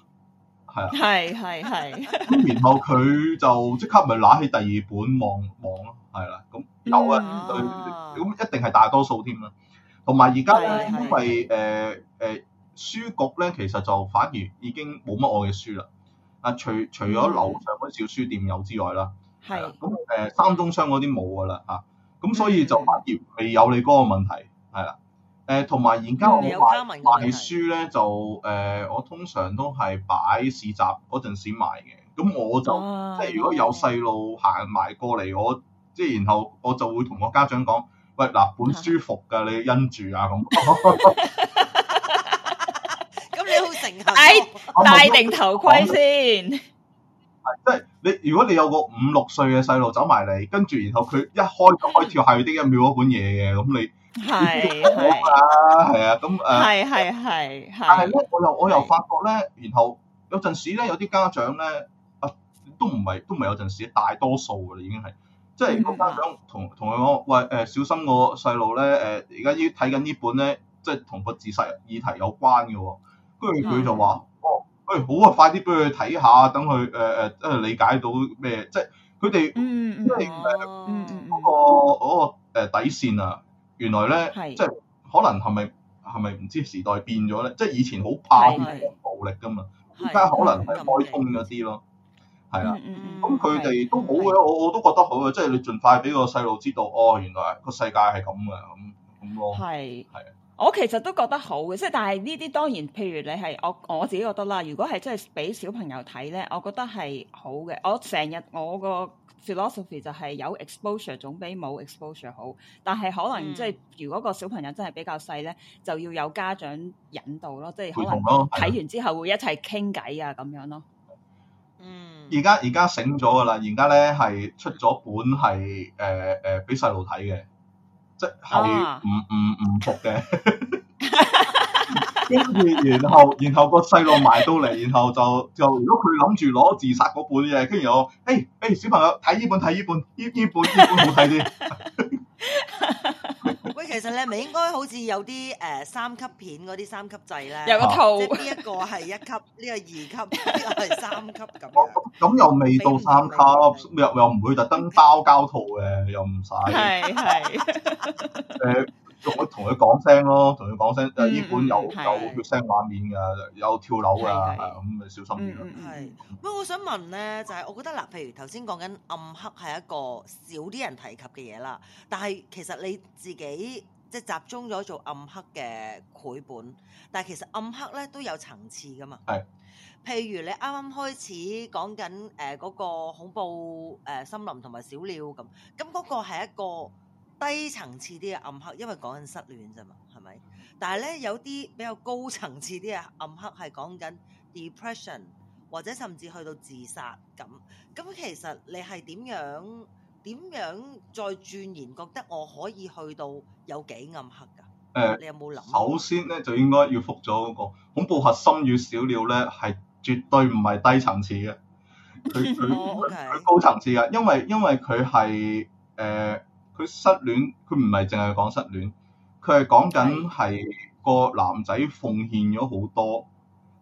係，係，係。咁然後佢就即刻咪攞起第二本望望咯，係啦。咁有啊，咁一定係大多數添啦。同埋而家因為誒誒書局咧，其實就反而已經冇乜我嘅書啦。啊，除除咗樓上嗰啲小書店有之外啦，係咁誒，三中商嗰啲冇噶啦嚇。咁所以就反而未有你嗰個問題係誒，同埋而家我賣書咧，就誒，我通常都係擺市集嗰陣時賣嘅。咁我就即係如果有細路行埋過嚟，我即係然後我就會同個家長講，喂嗱，本書舒服㗎，你因住啊咁。咁你好成客，戴定頭盔先。即係你，如果你有個五六歲嘅細路走埋嚟，跟住然後佢一開《跳下去的一秒》嗰本嘢嘅，咁你。係係，係啊， 咁誒，係啊，係，但係咧，我又我又發覺咧、哎，然後有陣時咧，有啲家長咧，啊，都唔係都唔係有陣時，大多數噶啦，已經係，即係如果家長同同佢講，喂，誒，小心個細路咧，誒，而家要睇緊呢本咧，即係同個自殺議題有關嘅，跟住佢就話，哦，喂，好啊，快啲俾佢睇下，等佢誒誒，即係理解到咩，即係佢哋，即係嗰個個誒底線啊。枉花原來咧，是即係可能係咪係咪唔知時代變咗咧？即係以前好怕是是啲人暴力噶嘛，而家是可能係開通咗啲咯，係啊是。咁佢哋都好嘅，的我我都覺得好嘅，即係你盡快俾個細路知道，哦，原來個世界係咁嘅咁咁咯。係係的，我其實都覺得好嘅，即係但係呢啲當然，譬如你係我我自己覺得啦，如果係真係俾小朋友睇咧，我覺得係好嘅。我成日我個 Philosophy 就係有 exposure 總比冇 exposure 好，但係可能、嗯、即係如果個小朋友真係比較細咧，就要有家長引導咯，即係可能咯。睇完之後會一齊傾偈啊，咁樣咯。嗯。而家而家醒咗噶啦，而家咧係出咗本係誒誒俾細路睇嘅，即係唔唔唔服嘅。 跟住， 然後，然後個細路埋到嚟，然後就就如果佢諗住攞自殺嗰本嘅，跟住又，誒誒，小朋友睇依本，睇依本，依依本，呢本仲睇啲。哈哈 喂，其實你係咪應該好似有啲誒、呃、三級片嗰啲三級制咧？有個套，呢、啊、一個係一級，呢個二級，呢個係三級咁咁、 啊啊、又未到三級，啊、又又唔會特登包膠套嘅，又唔使。係係。 同佢講聲咯，同佢講聲，誒，呢本有有血腥畫面嘅，有跳樓嘅，咁咪小心啲咯。係，不過我想問咧，就係我覺得嗱，譬如頭先講緊暗黑係一個少啲人提及嘅嘢啦，但係其實你自己即係集中咗做暗黑嘅繪本，但係其實暗黑咧都有層次噶嘛。係。譬如你啱啱開始講緊誒嗰個恐怖誒核心同埋小鳥咁，咁嗰個係一個低層次啲嘅暗黑，因為講緊失戀啫嘛，係咪？但係咧有啲比較高層次啲嘅暗黑，係講緊 depression 或者甚至去到自殺咁。咁其實你係點樣點樣再鑽研覺得我可以去到有幾暗黑噶？誒、呃，你有冇諗？首先咧就應該要複咗嗰個恐怖核心與小鳥咧，係絕對唔係低層次嘅，佢佢、 哦 okay，高層次嘅，因為因為佢係誒。呃佢失戀，佢唔係淨係講失戀，佢係講緊係個男仔奉獻咗好多，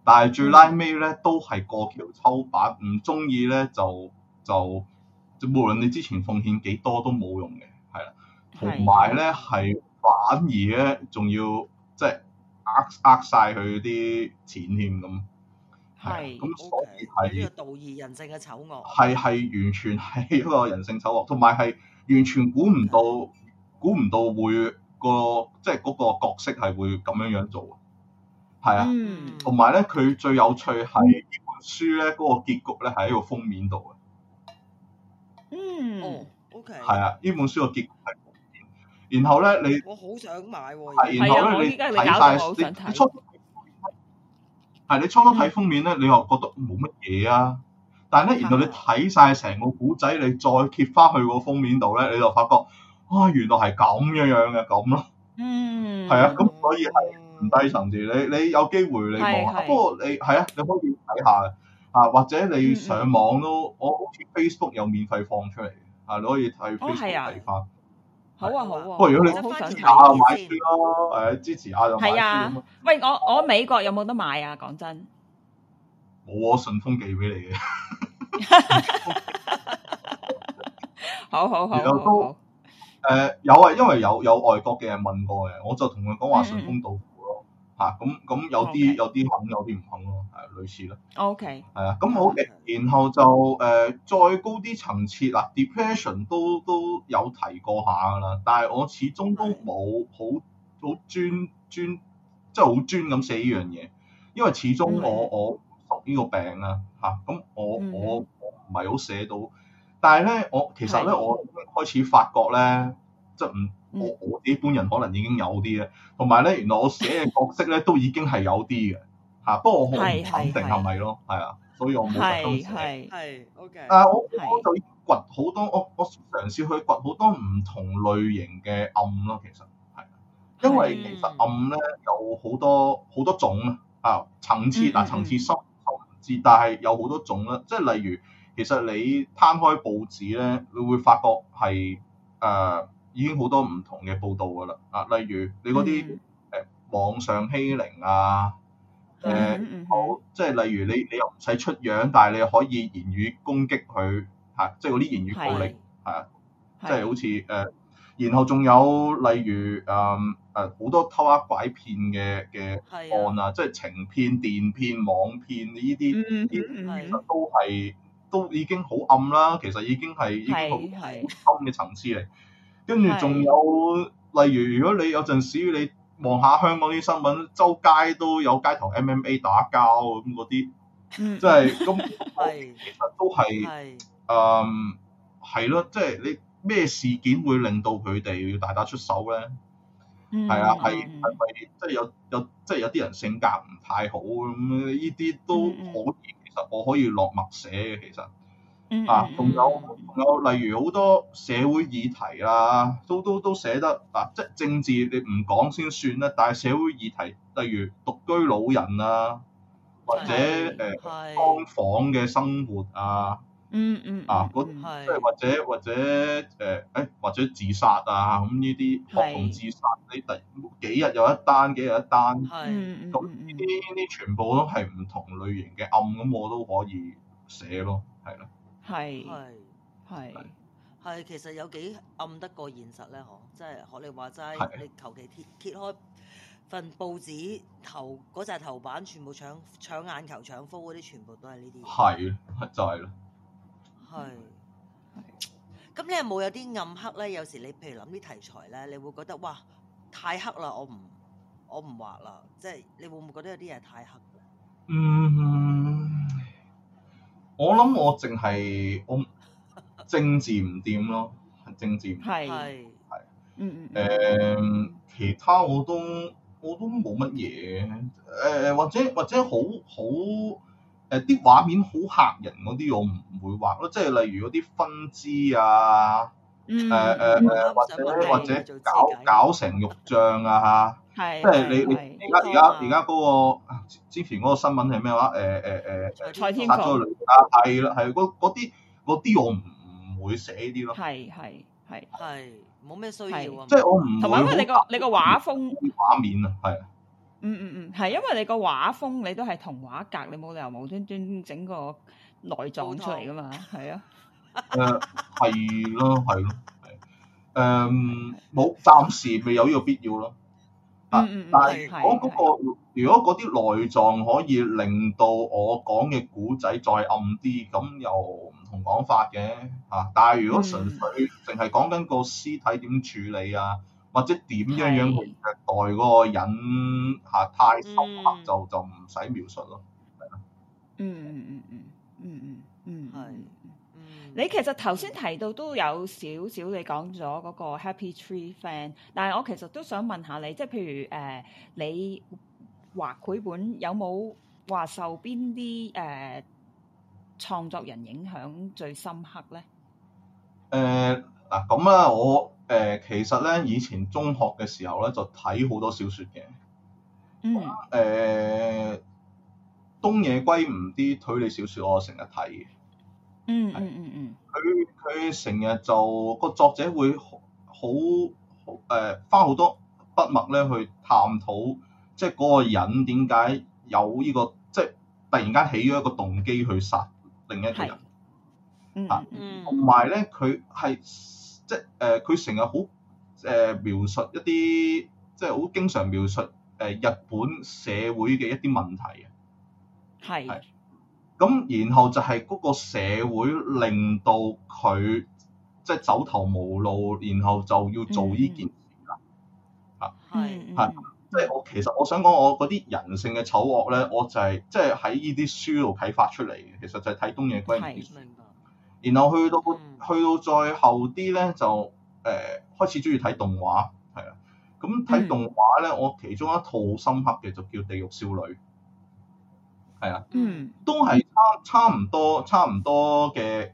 但係最拉尾咧都係過橋抽板，唔中意咧就就就無論你之前奉獻幾多都冇用嘅，係啦，同埋咧係反而咧仲要即係呃呃晒佢啲錢添咁，係咁的、嗯、所以係呢個道義人性嘅醜惡，係係完全係一個人性醜惡，同埋係。完全估唔到，估唔到會個即係嗰個角色係會咁樣樣做啊！係啊、嗯，同埋咧，佢最有趣係呢本書咧，嗰、嗰個結局咧係喺個封面度嘅。嗯、哦，OK。係啊，呢本書嘅結局係封面。然後咧，你我好想買喎、啊。然後咧，你睇晒你初。係你初初睇、嗯、封面咧，你又覺得冇乜嘢啊？但係咧，然後你睇晒成個古仔，你再揭翻去個封面度咧，你就發覺啊，原來係咁樣樣嘅，咁咯。嗯，係啊，咁所以係唔低層啲。你，你有機會你望下。不過你係啊，你可以睇下啊，或者你上網都，我好似 Facebook 有免費放出嚟，啊，你可以睇 Facebook 睇翻。好啊好啊。不過如果你好想，亞亞買書咯，支持下。亞買係啊。喂，我我美國有冇得買啊？講真，冇啊！順豐寄俾你嘅。 都好好好，然後都誒有啊，因為有有，有外國嘅人問過嘅，我就同佢講話順豐到付咯，吓咁咁有啲 okay. 有啲肯，有啲唔肯咯，係、嗯、類似咯。O K，係啊，咁好嘅。然後就誒、嗯、再高啲層次嗱，depression 都都有提過下噶啦，但係我始終都冇好好專專即係好專咁寫呢樣嘢，因為始終我、嗯、我熟呢個病啊。咁我我唔係好寫到，但係咧，我其實咧，我開始發覺咧，即係唔我我一般人可能已經有啲咧，同埋咧，原來我寫嘅角色咧都已經係有啲嘅，嚇，不過我好唔肯定係咪咯，係啊，所以我冇集中寫。係係 OK。啊，我我就掘好多，我我嘗試去掘好多唔同類型嘅暗咯，其實係，因為其實暗咧有好多好多種啊，層次嗱，層次深。但係有好多種啦，即係例如，其實你攤開報紙咧，你會發覺係誒已經好多唔同嘅報道噶啦，啊，例如你嗰啲誒網上欺凌啊，誒好，即係例如你你又唔使出樣，但係你可以言語攻擊佢，嚇，即係嗰啲言語暴力係啊，即係好似誒。呃然後仲有例如誒誒好多偷呃拐騙嘅嘅案啊，即係情騙、電騙、網騙呢啲，其實都係都已經好暗啦。其實已經係已經好深嘅層次嚟。跟住仲有例如，如果你有陣時你望下香港啲新聞，周街都有街頭 MMA 打交咁嗰啲，即係咁，其實都係誒係咯，即係你。咩事件會令到佢哋要大打出手咧？係啊、mm，係係咪即係有有即係、即係、有啲人性格唔太好咁？呢啲都可以，mm hmm. 其實我可以落墨寫嘅。其實、mm hmm. 啊，仲有仲有，例如好多社會議題啦、啊，都都都寫得啊，即係政治你唔講先算啦。但係社會議題，例如獨居老人啊，或者誒、mm hmm. 啊、劏房嘅生活啊。Uh, 嗯嗯啊嗰即係或者或者誒誒、呃、或者自殺啊咁呢啲學童自殺你突然幾日有一單幾日一單咁呢啲全部都係唔同類型嘅暗咁的、嗯嗯、我都可以寫咯，係咯，係係係係其實有幾暗得過現實咧？嗬，即係學你話齋，你求其揭揭開份報紙頭嗰隻頭版，全部搶搶眼球搶 fu 嗰啲，全部都係呢啲，係就係啦。係，咁你有冇有啲暗黑咧？有時你譬如諗啲題材咧，你會覺得哇太黑啦！我唔我唔畫啦，即係你會唔會覺得有啲嘢太黑？嗯，我諗我淨係我政治唔掂咯，政治唔掂，係係，嗯嗯、呃，其他我都我都冇乜嘢，誒、呃、或者或者好好。誒，啲畫面好嚇人嗰啲，我唔會畫咯，即係例如嗰啲分支啊，誒誒誒，或者或者搞搞成肉醬啊吓，即係你你而家而家而家嗰個之前嗰個新聞係咩話？誒誒誒，殺咗兩架，係啦係，嗰嗰啲嗰啲我唔會寫呢啲咯，係係係係，冇咩需要，即係我唔同埋，嗯、因為你個你個畫風畫面啊，係。嗯嗯嗯，係因為你個畫風你都係童話格，你冇理由無端端整個內臟出嚟㗎嘛，係咯，係咯，係咯，誒，冇，暫時未有呢個必要咯。嗯嗯嗯。但係我嗰個，如果嗰啲內臟可以令到我講嘅故仔再暗啲，咁又唔同講法嘅嚇。但係如果純粹淨係講緊個屍體點處理啊？或者點樣樣佢代嗰個人嚇太深刻，就就唔使描述咯，係咯。嗯嗯嗯嗯嗯嗯嗯係。嗯，你其實頭先提到都有少少，你講咗嗰個 Happy Tree Friends，但係我其實都想問下你，即係譬如誒，你畫繪本有冇話受邊啲誒創作人影響最深刻咧？誒嗱咁啊，我。誒、呃、其實咧，以前中學嘅時候咧，就睇好多小説嘅，嗯呃嗯。嗯。誒，東野圭吾啲推理小説，我成日睇嘅。嗯嗯嗯，佢佢成日就個作者會好好誒花好多筆墨咧去探討，即係嗰個人點解有呢，呢個，即係突然間起咗一個動機去殺另一個人。係。同埋咧，佢、嗯、係。嗯啊即係誒，佢成日好誒描述一啲，即係好經常描述誒、呃、日本社會嘅一啲問題嘅。係是。咁然後就係嗰個社會令到佢即係走投無路，然後就要做呢件事啦。嚇係嚇，即係我其實我想講，我嗰啲人性嘅醜惡咧，我就係、是、即係喺呢啲書度啟發出嚟嘅。其實就係睇東野圭吾然後去到去到再後啲咧，就誒、呃、開始中意睇動畫，係啊。咁、嗯、睇動畫咧，我其中一套好深刻嘅就叫《地獄少女》，係、嗯呃呃呃、啊，都係差差唔多差唔多嘅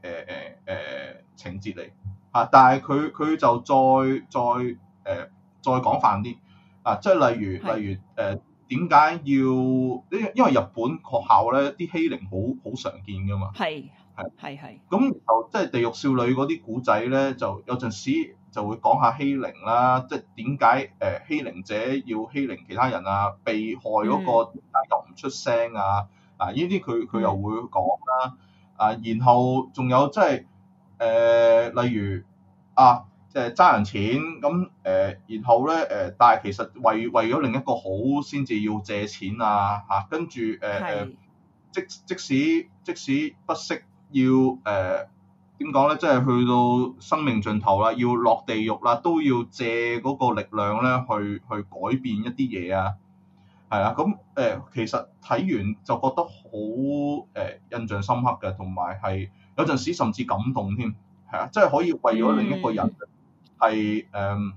誒誒誒情節嚟嚇，但係佢佢就再再誒、呃、再廣泛啲嗱，即係例如的例如誒點解要因因為日本學校咧啲欺凌好好常見㗎嘛。係係，咁是然後即係《地獄少女》嗰啲古仔咧，就有陣時就會講下欺凌啦，即係點解誒欺凌者要欺凌其他人啊？被害嗰個點解又唔出聲啊？嗯、啊呢啲佢佢又會講啦、啊。啊，然後仲有即係誒，例如啊，誒、就、爭、是、人錢咁誒、呃，然後咧誒、呃，但係其實為為咗另一個好先至要借錢啊嚇、啊，跟住誒誒，即即使即使不惜。要誒點講咧，即係去到生命盡頭啦，要落地獄啦，都要借嗰個力量咧去去改變一啲嘢啊，係啦、啊。咁誒、呃、其實睇完就覺得好誒、呃、印象深刻嘅，同埋係有陣時甚至感動添，係啊，即係可以為咗另一個人係誒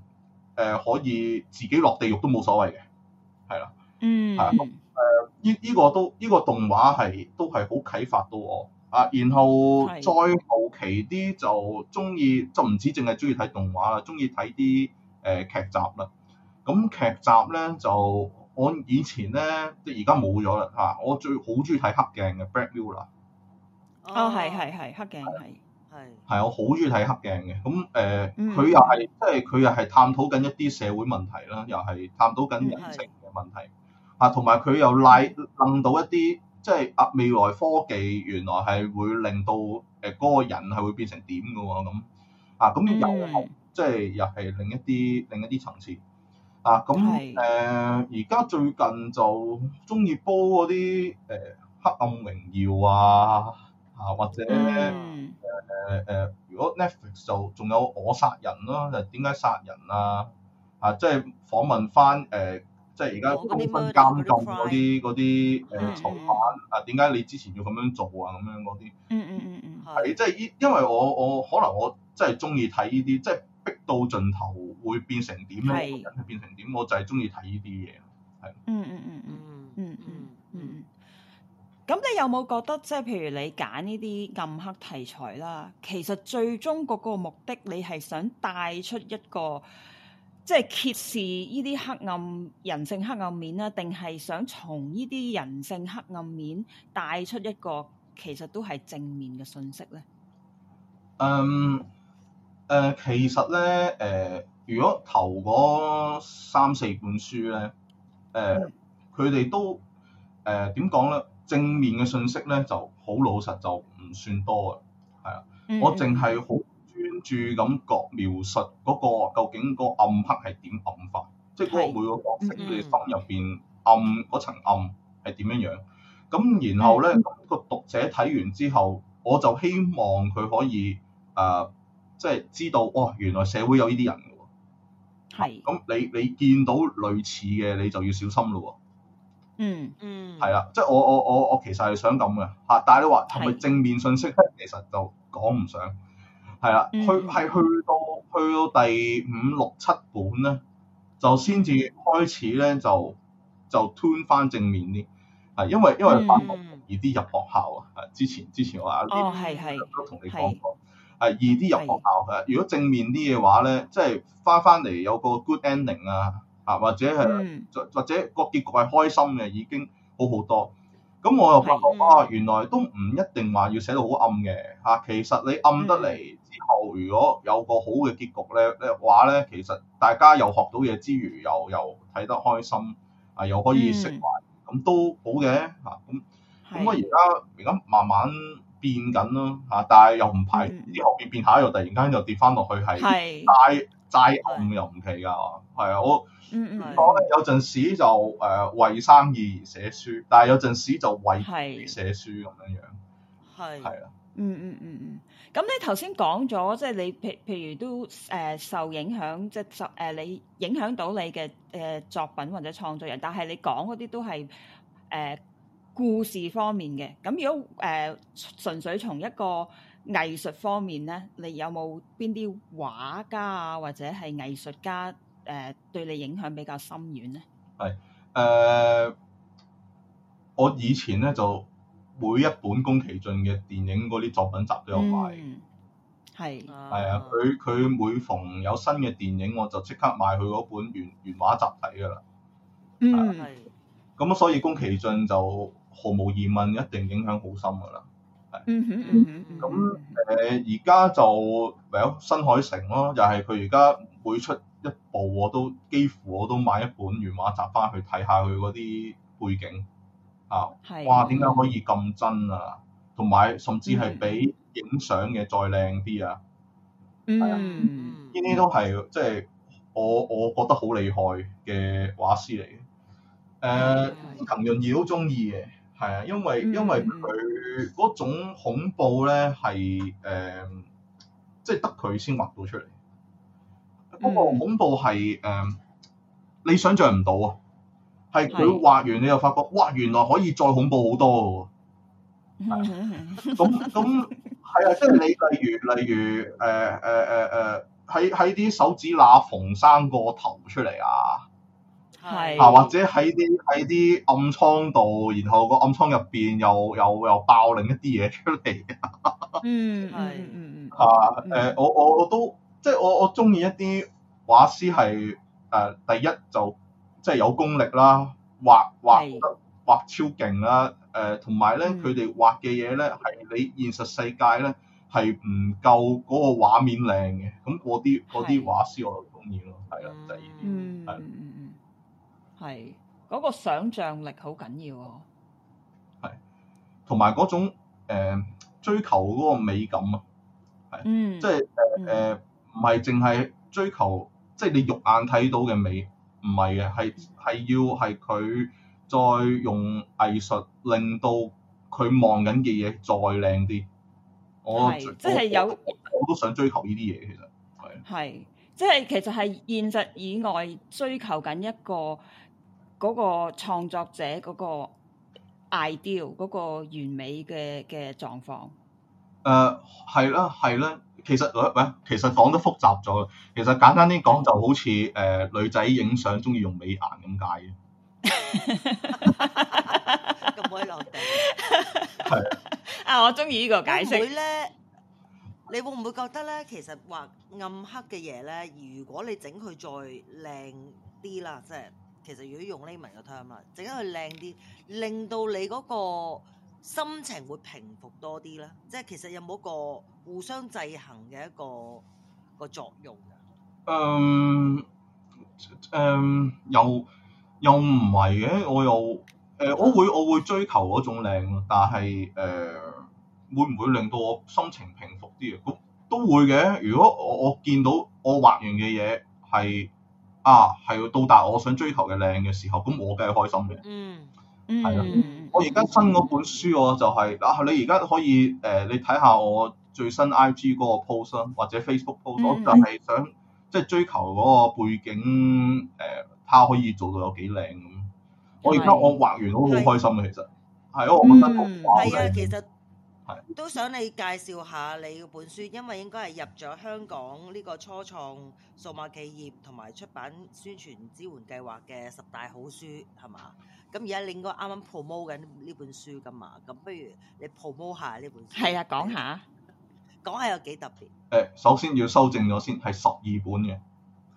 誒可以自己落地獄都冇所謂嘅，係啦，嗯，係啊，咁誒呢呢個都呢、這個動畫係都係好啟發到我。啊，然後再後期啲就中意，就唔止淨係中意睇動畫啦，中意睇啲誒劇集啦。咁、嗯、劇集咧就我以前咧，即而家冇咗啦嚇。我最好中意睇黑鏡嘅《Black Mirror》。哦，係係係，黑鏡係係。係我好中意睇黑鏡嘅，咁誒佢又係即係佢又係探討緊一啲社會問題啦，又係探討緊人性嘅問題嚇，同埋佢又瀨諷到一啲。即係啊，未來科技原來係會令到誒嗰個人係會變成點嘅喎咁啊，咁、啊 mm. 又即係又係另一啲另一啲層次啊，咁誒而家最近就中意煲嗰啲誒黑暗榮耀啊啊或者誒誒、mm. 呃呃，如果 Netflix 就仲有我殺人啦、啊，就點解殺人啊啊，即係訪問翻誒。呃即係而家公分監禁嗰啲嗰啲誒囚犯啊？點解你之前要咁樣做啊？咁樣嗰啲嗯嗯嗯嗯係，即係因為我我可能我真係中意睇呢啲，即係逼到盡頭會變成點咧？係人變成點？我就係中意睇呢啲嘢係嗯嗯嗯嗯嗯嗯嗯嗯。咁你有冇覺得，即係譬如你揀呢啲暗黑題材啦，其實最終嗰個目的你係想帶出一個？即係揭示呢啲黑暗人性黑暗面啦，啊，定係想從呢啲人性黑暗面帶出一個其實都係正面嘅信息呢？嗯誒、呃，其實呢，誒、呃，如果頭嗰三四本書呢，誒、呃，佢哋、嗯、都誒點講呢？正面嘅信息呢就好老實就唔算多啊。係啊，嗯嗯我淨係好住感覺描述嗰、嗰個究竟個暗黑係點暗法，即係嗰每個角色、嗯、你心入邊暗嗰層暗係點樣樣，咁然後咧是個讀者睇完之後，我就希望佢可以誒，即、呃、係、即係、知道哦，原來社會有呢啲人㗎喎，係咁是你你見到類似嘅你就要小心咯喎、嗯，嗯嗯，係啦，即係我我我我其實係想咁嘅嚇，但係你話係咪正面信息咧是，其實就講唔上。係啦、啊，去係去到去到第五六七本咧，就先至開始咧，就就 turn 翻正面啲係，因為因為翻學易啲入學校啊、嗯。之前之前我啱啱都同你講過，係易啲入學校嘅。是如果正面啲嘅話咧，即係翻翻嚟有個 good ending 啊，啊或者係或、嗯、或者個結局係開心嘅，已經好好多。咁我又發覺是啊，是原來都唔一定話要寫到好暗嘅嚇、啊，其實你暗得嚟。嗯之後如果有個好嘅結局呢，咧話呢，其實大家又學到嘢之餘，又又睇得開心啊，又可以識埋，咁都、mm. 好嘅吓。咁咁我而家而家慢慢變緊囉吓，但係又唔排除之後變變下又突然間又跌翻落去係債債暗又唔奇噶係是啊，我講呢有陣時就誒、呃、為生意而寫書，但係有陣時就為寫書咁樣樣係係啊，嗯嗯嗯嗯。咁你頭先講咗，即係你譬譬如都誒、呃、受影響，即係受誒你影響到你嘅誒、呃、作品或者創作人，但係你講嗰啲都係誒、呃、故事方面嘅。咁如果誒純、呃、粹從一個藝術方面咧，你有冇邊啲畫家啊，或者係藝術家誒、呃、對你影響比較深遠咧？係誒、呃，我以前咧就。每一本宮崎駿嘅電影嗰啲作品集都有買，係係啊，佢佢每逢有新嘅電影，我就即刻買佢嗰本原原畫集睇㗎啦。嗯，係。咁所以宮崎駿就毫無疑問一定影響好深㗎啦。咁誒，而家、嗯嗯嗯呃、就唯有新海誠咯，又係佢而家每出一部，我都幾乎我都買一本原畫集翻去睇下佢嗰啲背景。啊，哇！點解可以咁真啊？同埋甚至係比影相嘅再靚啲啊！嗯、mm，呢、hmm. 啲、啊、都係即係我我覺得好厲害嘅畫師嚟嘅。誒、呃，滕潤義好中意嘅，係、hmm. 啊，因為因為佢嗰種恐怖咧係誒，即係得佢先畫到出嚟。不過、mm hmm. 恐怖係誒、呃，你想象唔到啊！係佢畫完，你又發覺，哇！原來可以再恐怖好多喎。咁咁係啊，即係、就是、你例如例如誒誒誒誒，喺喺啲手指罅縫生個頭出嚟啊！係啊是，或者喺啲喺啲暗瘡度，然後個暗瘡入邊又又又爆另一啲嘢出嚟、 啊呃。嗯，係、呃，嗯嗯。啊誒，我我我都即係我我中意一啲畫師係誒、啊、第一就。即係有功力啦，畫畫得畫，畫超勁啦，誒同埋咧，佢哋、嗯、畫嘅嘢咧係你現實世界咧係唔夠嗰個畫面靚嘅，咁嗰啲啲畫師我就中意咯，係啦，就係呢啲，係嗯嗯嗯，係嗰個、嗯嗰個想像力好緊要喎、哦，係，同埋嗰種、呃、追求嗰個美感啊，係，即係誒唔係淨係追求即係、即係、你肉眼睇到嘅美。唔係嘅，係係要係佢再用藝術令到佢望緊嘅嘢再靚啲。我即係、即係、有我，我，我都想追求呢啲嘢，其實係。係即係其實係現實以外追求緊一個嗰、嗰個創作者嗰個 ideal 嗰個完美嘅嘅狀況。誒係啦，係啦、啊。其實喂，其實講得複雜咗。其實簡單啲講，就好似誒女仔影相中意用美顏咁解嘅。咁可以落地。係啊，我中意依個解釋。會咧，你會唔會覺得咧？其實話暗黑嘅嘢咧，如果你整佢再靚啲啦，即係其實如果用 layman 嘅 term 啊，整得佢靚啲，令到你嗰個心情會平復多啲啦。即係其實有冇一個互相制衡嘅一個一個作用啊！嗯，誒，又又唔係嘅，我又誒、呃，我會我會追求嗰種靚，但係誒、呃，會唔會令到我心情平復啲啊？咁都，都會嘅。如果我我見到我畫完嘅嘢係啊係到達我想追求嘅靚嘅時候，咁我梗係開心嘅。嗯，係啦。的嗯、我而家新嗰本書我就係、是、啊，你而家可以誒，你睇下我，最新 I G 嗰個 post 或者 Facebook post，我就係想即係、即係、追求嗰個背景誒，它、呃、可以做到有幾靚咁。我而家我畫完我都好開心啊，其實係啊，我覺得好啊。其實係都想你介紹下你本書，因為應該係入咗香港呢個初創數碼企業同埋出版宣傳支援計劃嘅十大好書係嘛？咁而家你應該啱啱 promote 緊呢本書㗎嘛？咁不如你 promote 下呢本書，係啊，講下。講下有幾特別？誒，首先要修正咗先，係十二本嘅，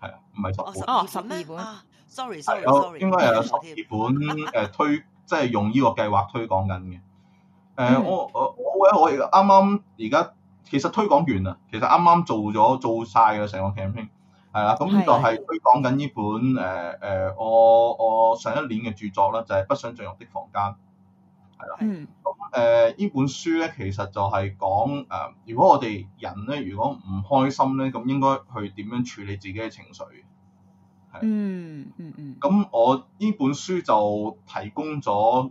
係、哦、啊，唔係十本。哦、呃，十二本啊，sorry，sorry，sorry，應該係有十二本誒推，即係用呢個計劃推廣緊嘅。誒、呃嗯，我我我我啱啱而家其實推廣完啊，其實啱啱做咗做晒嘅成個 campaign 係啦，咁就係推廣緊呢本誒誒的、呃，我我上一年嘅著作啦，就係、是《不想進入的房間》。係啦，咁誒呢本書咧，其實就係講誒，如果我哋人咧，如果唔開心咧，咁應該去點樣處理自己嘅情緒？係、嗯，嗯嗯嗯。咁我呢本書就提供咗誒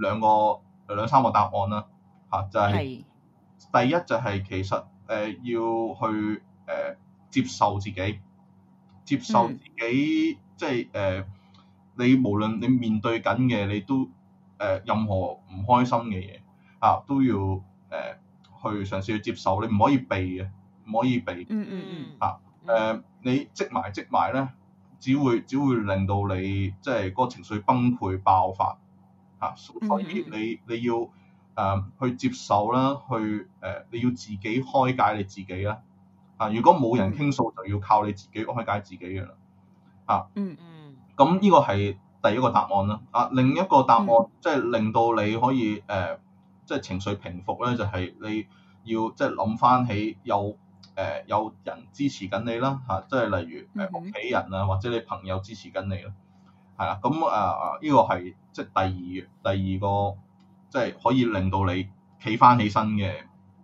兩個兩三個答案啦，嚇、啊、就係、是、的第一就係其實誒、呃、要去誒、呃、接受自己，接受自己即係誒你無論你面對緊嘅你都。誒、呃、任何唔開心嘅嘢啊，都要誒、呃、去嘗試去接受，你唔可以避嘅，唔可以避。嗯嗯嗯。啊，誒、呃、你積埋積埋咧，只會只會令到你即係嗰個情緒崩潰爆發。嗯、啊。所以你你要誒、呃、去接受啦，去誒、呃、你要自己開解你自己啦。啊，如果冇人傾訴，就要靠你自己開解自己嘅啦。啊。嗯嗯。咁呢個係，嗯嗯第一個答案啦，啊，另一個答案、嗯、即係令到你可以誒、呃，即係情緒平復咧，就係、是、你要即係諗翻起有誒、呃、有人支持緊你啦，嚇、啊，即係例如誒屋企人啊，嗯、是或者你朋友支持緊你咯，係啦。咁啊，呢、啊這個係即係第二第二個，即係可以令到你企翻起身嘅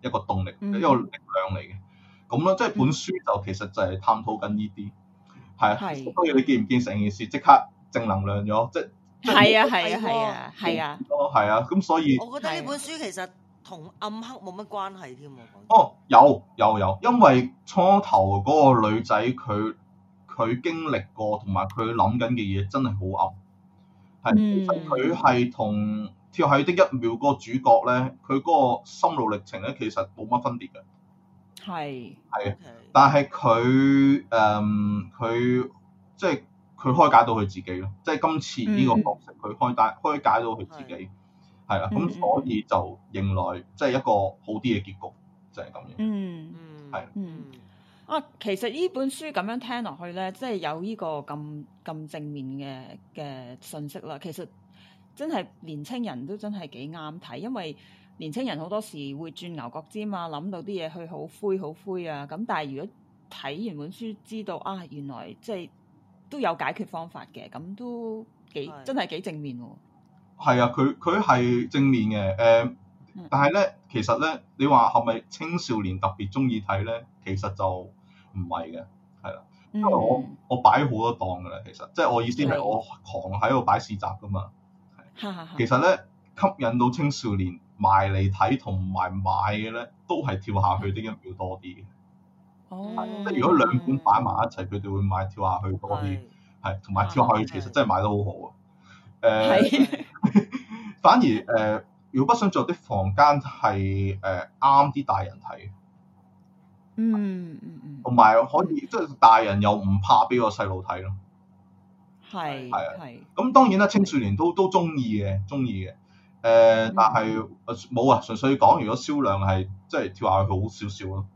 一個動力，嗯、一個力量嚟嘅。咁、啊、咯，即係本書就其實就係探討緊呢啲係，所、啊、以是、啊、你見唔見成件事即刻？正能量咗，即係係啊，係啊，係啊，係啊，哦，係啊，咁所以，我覺得呢本書其實同暗黑冇乜關係添。我哦，有有有，因為初頭嗰個女仔佢佢經歷過，同埋佢諗緊嘅嘢真係好暗。係，佢係同跳下去的一秒嗰個主角咧，佢嗰個心路歷程咧，其實冇乜分別嘅。係係，但係佢誒佢即係。佢開解到佢自己咯，即係今次呢個角色，佢開解開解到佢自己，係啦是。咁所以就迎來，即係一個好啲嘅結局，就係咁樣。嗯，係、嗯。啊，其實呢本書咁樣聽落去咧，即係有呢個咁咁正面嘅嘅信息啦。其實真係年青人都真係幾啱睇，因為年青人好多時會轉牛角尖啊，諗到啲嘢去好灰好灰啊。咁但係如果睇完本書知道啊，原來即係～都有解決方法嘅，咁都幾的真係幾正面喎。係啊，佢佢係正面嘅，誒、呃，嗯、但係咧，其實咧，你話係咪青少年特別中意睇咧？其實就唔係嘅，係啦，因為我、嗯、我擺好多檔噶啦，其實，即係我意思係的我狂喺度擺市集噶嘛，係，哈哈哈哈，其實咧吸引到青少年埋嚟睇同埋買嘅咧，都係跳下去的一秒多啲嘅。即係、哦、如果兩本擺埋一齊，佢哋會買跳下去嗰啲，係同埋跳下去其實真係買得好好啊。誒的、呃，反而誒、呃，如果不想進入嘅房間係誒啱啲大人睇，嗯嗯嗯，同埋可以即係的大人又唔怕俾個細路睇咯。係係啊，咁的的當然啦，青少年都都中意嘅，中意嘅。誒、呃，但係冇啊，純粹講，如果銷量係即係跳下去好少少咯。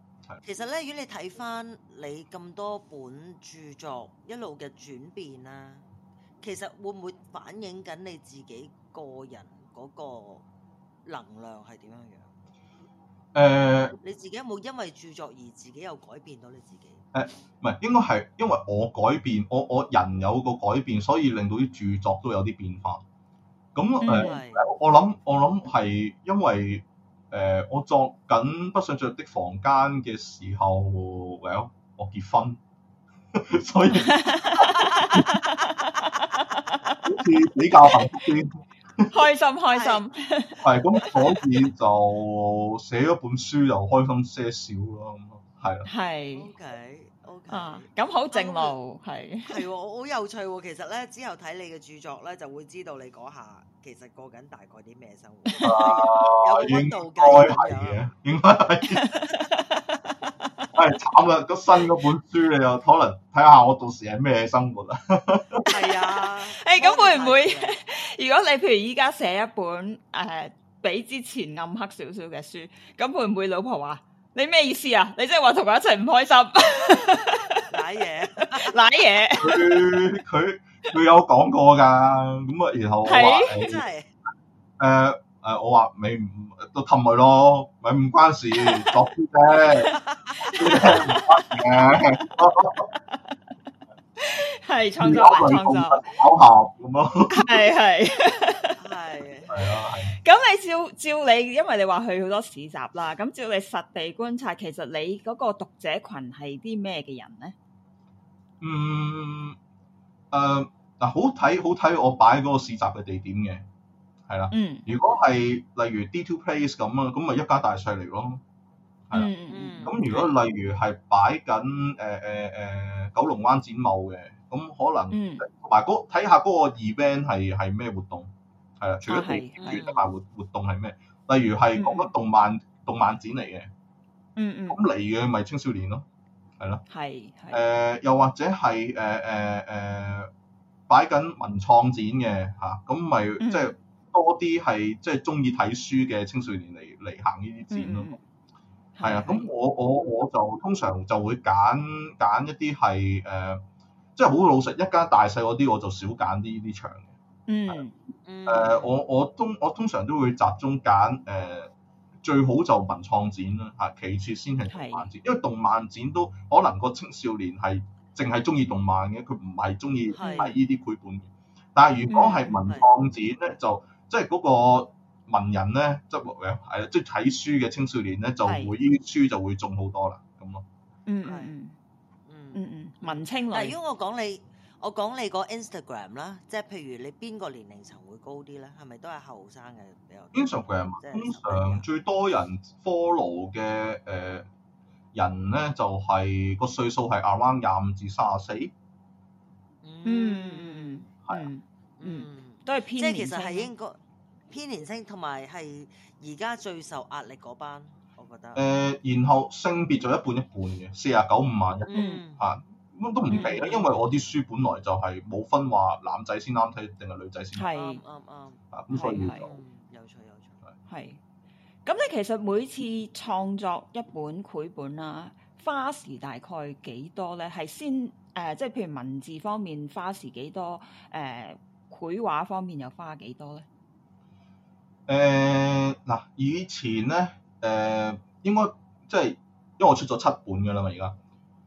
其實咧，如果你睇翻，你咁多本著作一路嘅轉變啦、啊，其實會唔會反映緊你自己個人嗰個能量係點樣樣？誒、呃，你自己有冇因為著作而自己又改變到你自己？誒，唔係，應該係因為我改變，我我人有個改變，所以令到啲著作都有啲變化。咁誒，我諗我諗係因為。誒、呃，我作緊不想進入的房間嘅時候，喂，我結婚， 所以好似 比較幸福啲，開心、 嗯、開心點點，係 咁、啊，所以就寫咗本書又開心些少咯，係 啦樂，係。Okay. Okay. 啊！咁好正路，係係、嗯、是喎，好有趣。其實咧，之後睇你嘅著作咧，就會知道你嗰下其實過緊大概啲咩生活。啊、 哎，應該係嘅，應該係。係慘啦，個新嗰本書你又可能睇下，我到時係咩生活啊？係啊！誒，咁會唔會？ 如果你譬如依家寫一本誒，uh，比之前暗黑少少嘅書，咁會唔會老婆話？你咩意思啊？你即係話同佢一齊唔開心，攋 嘢， 攋嘢。佢佢有講過噶，咁啊然後我真係，誒誒是、呃呃、我話咪唔，都氹佢咯，咪唔關事，講啲啫。 係創作，創作巧合咁咯。係係係係啊！咁你照照你，因為你話去好多市集啦。咁照你實地觀察，其實你嗰個讀者群係啲咩嘅人咧？嗯，誒，嗱，好睇好睇，我擺嗰個市集嘅地點嘅，係啦。嗯，如果係例如 D2 Place 咁啊，咁咪一家大細嚟咯。係啦，咁、嗯嗯、如果例如係擺緊誒誒誒九龍灣展貿嘅，咁可能，同埋睇下嗰個 event 係，係咩活動，係啦，除咗展貿活動係咩？啊、例如係講個動漫、嗯、動漫展嚟嘅，咁嚟嘅咪青少年咯，係咯，係，誒、呃、又或者係誒誒誒擺緊文創展嘅嚇，咁咪即係多啲係即係中意睇書嘅青少年嚟嚟行呢啲展咯。係啊，咁我我我就通常就會揀揀一啲係誒，即係好老實，一家大細嗰啲我就少揀呢啲場嘅。嗯嗯。呃、我我通我通常都會集中揀誒、呃，最好就文創展啦嚇，其次先係動漫展，的因為動漫展都可能個青少年係淨係中意動漫嘅，佢唔係中意呢啲繪本嘅。的但係如果係文創展咧，的就即係嗰、嗰個。文人咧，即係係啊，即係睇書嘅青少年咧，就會呢啲書就會重好多啦，咁咯。嗯，係，嗯，嗯嗯，文青嚟。但如果我講你，我講你個 Instagram 啦，即、就、係、是、譬如你邊個年齡層會高啲咧？係咪都係後生嘅比較？Instagram，即係通常最多人 follow 嘅誒、呃、人咧，就係、是、個歲數係 around 廿五至三十四。嗯嗯嗯，係啊，嗯，都係偏。即係其實係應該。嗯嗯偏年青同埋係而家最受壓力嗰班，我覺得。誒、呃，然後性別咗一半一半嘅，四、嗯、啊九五萬一，係咁都唔奇啦，嗯、因為我啲書本來就係冇分話男仔先啱睇定係女仔先啱，啱啱咁所以有趣、嗯、有趣。係。咁是你其實每次創作一本繪本啦、啊，花時大概幾多咧？係先誒，即係譬如文字方面花時幾多？誒，繪畫方面又花幾多咧？嗯嗯 誒嗱、呃，以前咧，誒、呃、應該即係，因為我出咗七本㗎啦嘛，而家。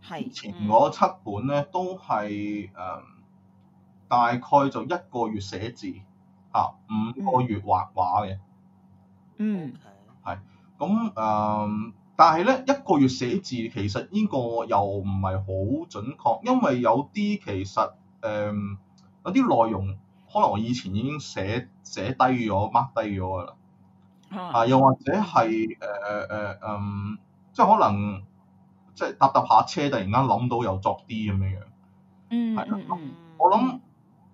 係是。前嗰七本咧都係誒、呃，大概就一個月寫字，嚇、啊、五個月畫畫嘅。嗯。係。咁誒，但係咧一個月寫字其實呢個又唔係好準確，因為有啲其實誒、呃、有啲內容。可能我以前已經寫寫低咗，mark 低咗噶啦啊，又或者係誒誒誒，嗯，即係可能即係搭搭下車，突然間諗到又作啲咁樣樣，嗯，係啦、啊。我諗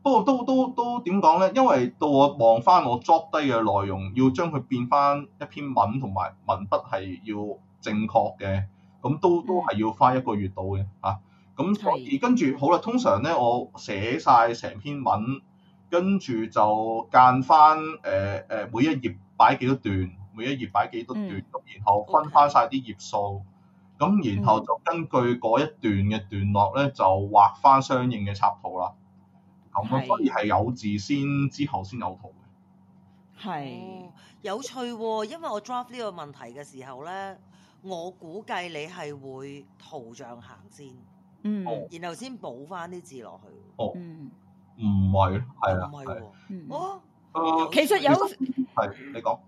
不過都都都點講咧？因為到我望翻我作低嘅內容，要將佢變翻一篇文，同埋文筆係要正確嘅，咁都都係要花一個月到嘅嚇。咁、啊、而所以跟住好啦，通常咧我寫晒成篇文。跟住就間翻誒誒每一頁擺幾多段，每一頁擺幾多段，嗯、然後分翻晒啲頁數，咁、嗯、然後就根據嗰一段嘅段落咧，就畫翻相應嘅插圖啦。咁所以係有字先，是之後先有圖嘅。係是、哦、有趣、哦，因為我 drop 呢個問題嘅時候咧，我估計你係會圖像行先，嗯，嗯然後先補翻啲字落去，哦，嗯。嗯唔係，係啊，唔係、嗯、其實有，係，你講，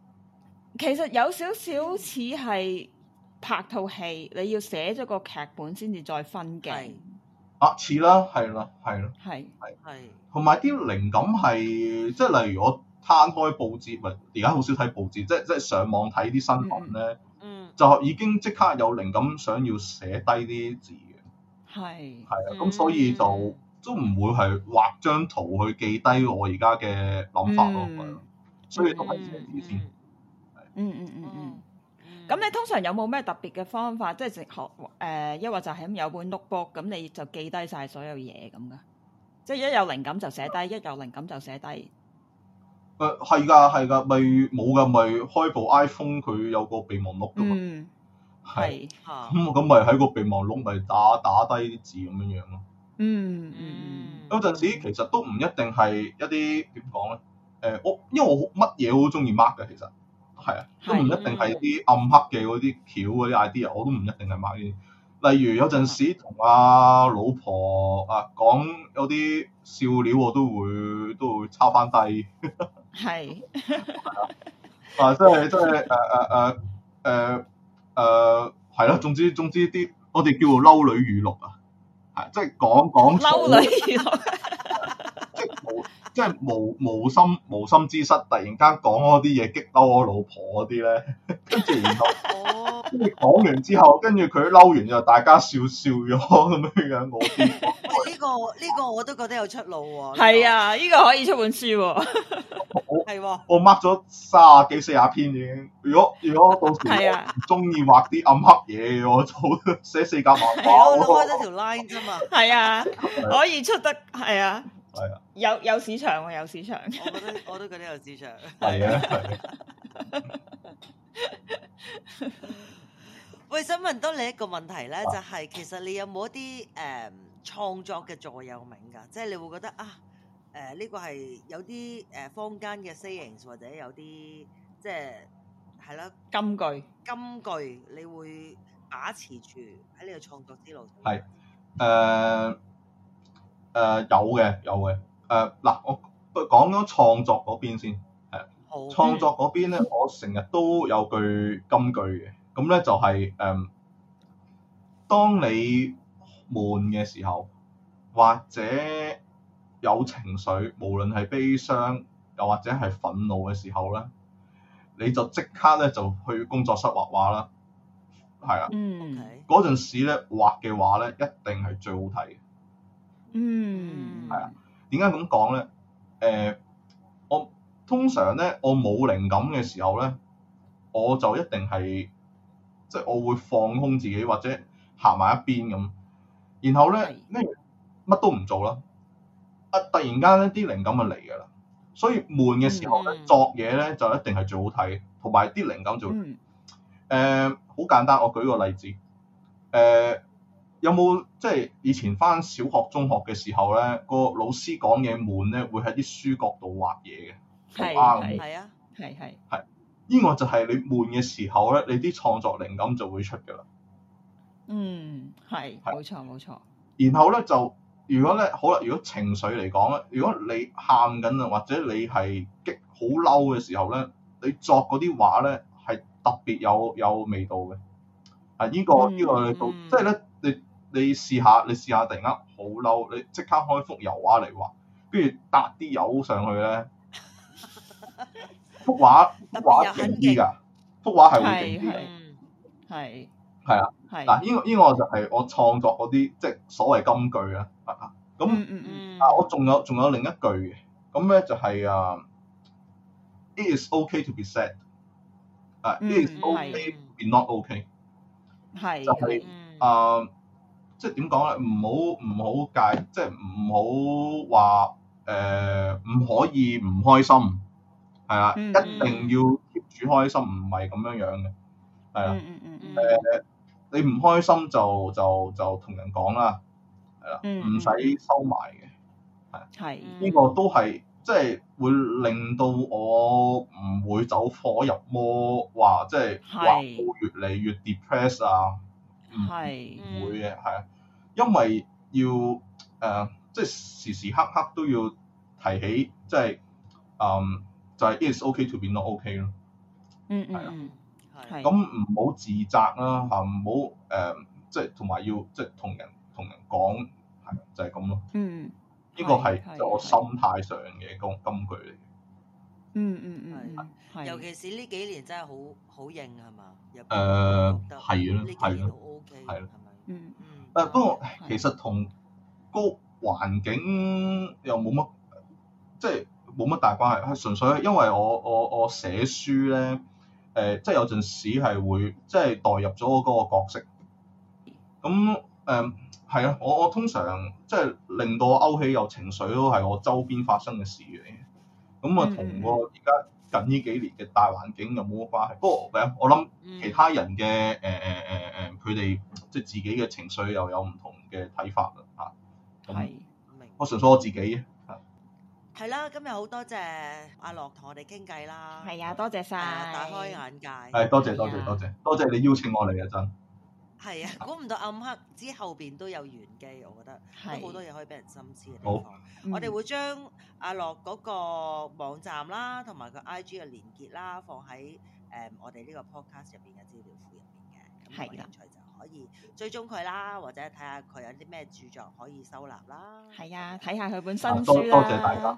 其實有少少似係拍套戲，你要寫咗個劇本先至再分鏡，啊，似啦，係啦，係啦，係是，係是，係，同埋啲靈感係，即係例如我攤開報紙，咪而家好少睇報紙，即係即係上網睇啲新聞咧，嗯嗯、就已經即刻有靈感，想要寫低啲字嘅，係，係啊，咁、嗯、所以就。都唔會係畫張圖去記低我而家嘅諗法咯，係咯、嗯，所以都係寫字先。嗯嗯嗯嗯。咁、嗯嗯、你通常有冇咩特別嘅方法？即係直學誒，一、呃、或就係咁有本 notebook，咁你就記低晒所有嘢咁噶。即、就、係、是、一有靈感就寫低，一有靈感就寫低。誒係㗎，係㗎，咪冇㗎，咪開部 iPhone，佢有個備忘錄㗎嘛。嗯。係的。嚇的。咁咁咪喺個備忘錄咪打打低啲字咁樣樣咯。嗯嗯嗯，嗯有陣時其實都唔一定係一啲點講咧，誒、呃、我因為我乜嘢好中意 mark 嘅其實係啊，啊都唔一定係啲暗黑嘅嗰啲橋嗰啲 idea，我都唔一定係 mark 嘅。例如有陣時同阿、啊、老婆啊講有啲笑料，我都會都會抄翻低。係係啊，啊即係即係誒誒誒誒誒係咯，總之總之啲我哋叫做嬲女語錄啊。即係講講粗。即係 無，即係無無心無心之失，突然間講嗰啲嘢，激到我老婆嗰啲咧，跟 住然後，跟住講完之後，跟住佢嬲完，就大家笑笑咗咁樣樣。我呢、 呢個呢、呢個我都覺得有出路喎。係、呢個、 啊，呢、呢個可以出本書。 我係， 我 mark 咗三十幾四十篇已經。如果如果到時唔中意畫啲暗黑嘢，我就寫四格漫。我拉開咗條 line 啫嘛。係啊，可以出得係啊。有有市場喎，有市場。市場 我覺得我都覺得有市場。係啊！ 我 想問多你一個問題咧，啊、就係其實你有冇一啲誒創作嘅座右銘噶？即、就、係、是、你會覺得啊，誒、呃、呢、這個係有啲誒、呃、坊間嘅 sayings 或者有啲即係係咯金句金句，金句你會把持住喺你嘅創作之路。係誒。呃誒、呃、有嘅有嘅，誒、呃、嗱我講咗創作嗰邊先，誒、嗯、好創作嗰邊咧，嗯、我成日都有句金句嘅，咁、嗯、咧就係、是、誒、嗯，當你悶嘅時候，或者有情緒，無論係悲傷又或者係憤怒嘅時候咧，你就即刻咧就去工作室畫畫啦，係啊，嗰陣、嗯 okay，時咧畫嘅畫咧一定係最好睇嘅。嗯，係啊，點解咁講咧？誒、呃，我通常咧，我冇靈感嘅時候咧，我就一定係，即、就、係、是、我會放空自己或者行埋一邊咁，然後咧咩乜都唔做啦，啊，突然間咧啲靈感就嚟噶啦，所以悶嘅時候咧，嗯、作嘢咧就一定係最好睇，同埋啲靈感就好，誒、嗯，好、呃、簡單，我舉個例子，誒、呃。有冇即係以前返小學、中學嘅時候咧，個老師講嘢悶咧，會喺啲書角度畫嘢嘅，塗鴨啊，係係。係， 依個就係你悶嘅時候咧，你啲創作靈感就會出嘅啦。嗯，係，冇錯冇錯。然後咧就，如果咧好啦，如果情緒嚟講咧，如果你喊緊啊，或者你係激好嬲嘅時候咧，你作嗰啲畫咧係特別有有味道嘅。呢依個依個，即係咧。這個就是你試下，你試下突然間好嬲，你即刻開幅油畫嚟畫，不如搭啲油上去咧， 幅畫畫勁啲噶，幅畫係會勁啲，係係啊，嗱呢呢個就係我創作嗰啲即係所謂金句啊，咁啊，啊我仲有仲有另一句嘅，咁、啊、咧就係、是、啊，it is okay to be sad，啊、uh, it is okay to be not okay，< 是 S 1> 是 就係啊。是 是 啊即係點講咧？唔好唔好介，即係唔好話誒，呃，唔可以唔開心，係啊，嗯嗯一定要 keep 住開心，唔係咁樣樣嘅，係啊，誒、嗯嗯嗯呃，你唔開心就就就同人講啦，係啦，唔使收埋嘅，係，呢個都係即係會令到我唔會走火入魔，話即係話越嚟越 depress 啊。係，唔會嘅，係啊，因為要誒、呃、即係時時刻刻都要提起，即係誒、呃、就係、是、it's okay to be not okay 咯。嗯嗯，係。係。咁唔好自責啦，吓，唔好誒即係同埋要即係同人同人講，係就係咁咯。嗯。呢個係即係就我心態上嘅一個金句嚟嘅。嗯嗯嗯，嗯嗯係，尤其是呢幾年真係好好硬係嘛。入誒係咯，呢 O K 係咪？嗯嗯，不不過其實同個環境又冇乜，即係冇乜大關係，係純粹因為我我我寫書咧，誒即係有陣時係會即係代入咗我嗰個角色，咁誒係啊！我我通常即係令到我勾起有情緒都係我周邊發生嘅事嚟。咁啊，嗯嗯同我而家近呢幾年嘅大環境有冇乜關係。不過，我諗其他人嘅誒誒誒誒，佢、呃、哋、呃呃呃呃、即係自己嘅情緒又有唔同嘅睇法啦，嚇、啊。係。明。我，我純粹我自己。係啦，今日好多謝阿樂同我哋傾偈啦。係啊，多謝晒，大開眼界。係呀，多謝多謝多謝，多謝你邀請我嚟啊！真。係啊！估唔到暗黑之後邊都有玄機，我覺得都好是多嘢可以俾人深思嘅地方。好我哋會將阿樂嗰個網站啦，同埋個 I G 嘅連結啦，放喺誒、呃、我哋呢個 podcast 入邊嘅資料庫入邊嘅咁，有興趣就可以追蹤佢啦，或者睇下佢有啲咩著作可以收納啦。係啊，睇下佢本新書多，多謝大家，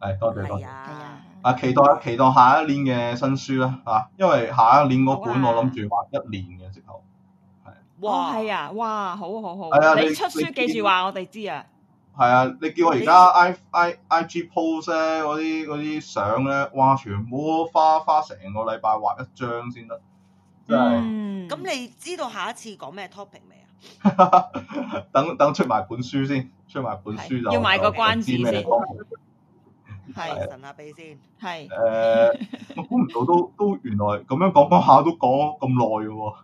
係多謝多謝啊，啊！期待期待下一年嘅新書啦啊！因為下一年嗰本我諗住畫一年嘅直頭。哇係、哦、啊，哇好好好，啊。你，你出書你見記住話我哋知啊。係啊，你叫我而家 I I I G post 咧，嗰啲嗰啲相咧，哇，全部花花成個禮拜畫一張先得，真、就、係、是。咁、嗯、你知道下一次講咩 topic 未啊？等等出埋本書先，出埋本書是就要賣個關子先。係神是 啊！俾先係。誒、 呃，我估唔到都都，都原來咁樣講講下都講咁耐嘅喎。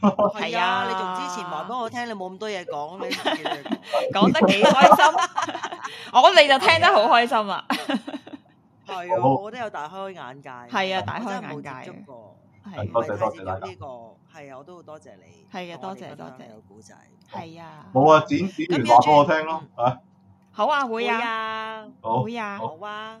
係 Started up 啊， 你仲之前話俾我聽，你冇咁多嘢講你講得幾開心， 我你就聽得好開心啊，係 啊，我都有大開眼界，係 啊，大開眼界啊，係，多謝你呢個，係啊，我都好多謝你，係啊 essayer 發，多謝多謝，有古仔，係啊，冇啊，剪剪完話俾我聽咯，吓，好啊，會啊，好，好啊，好啊。好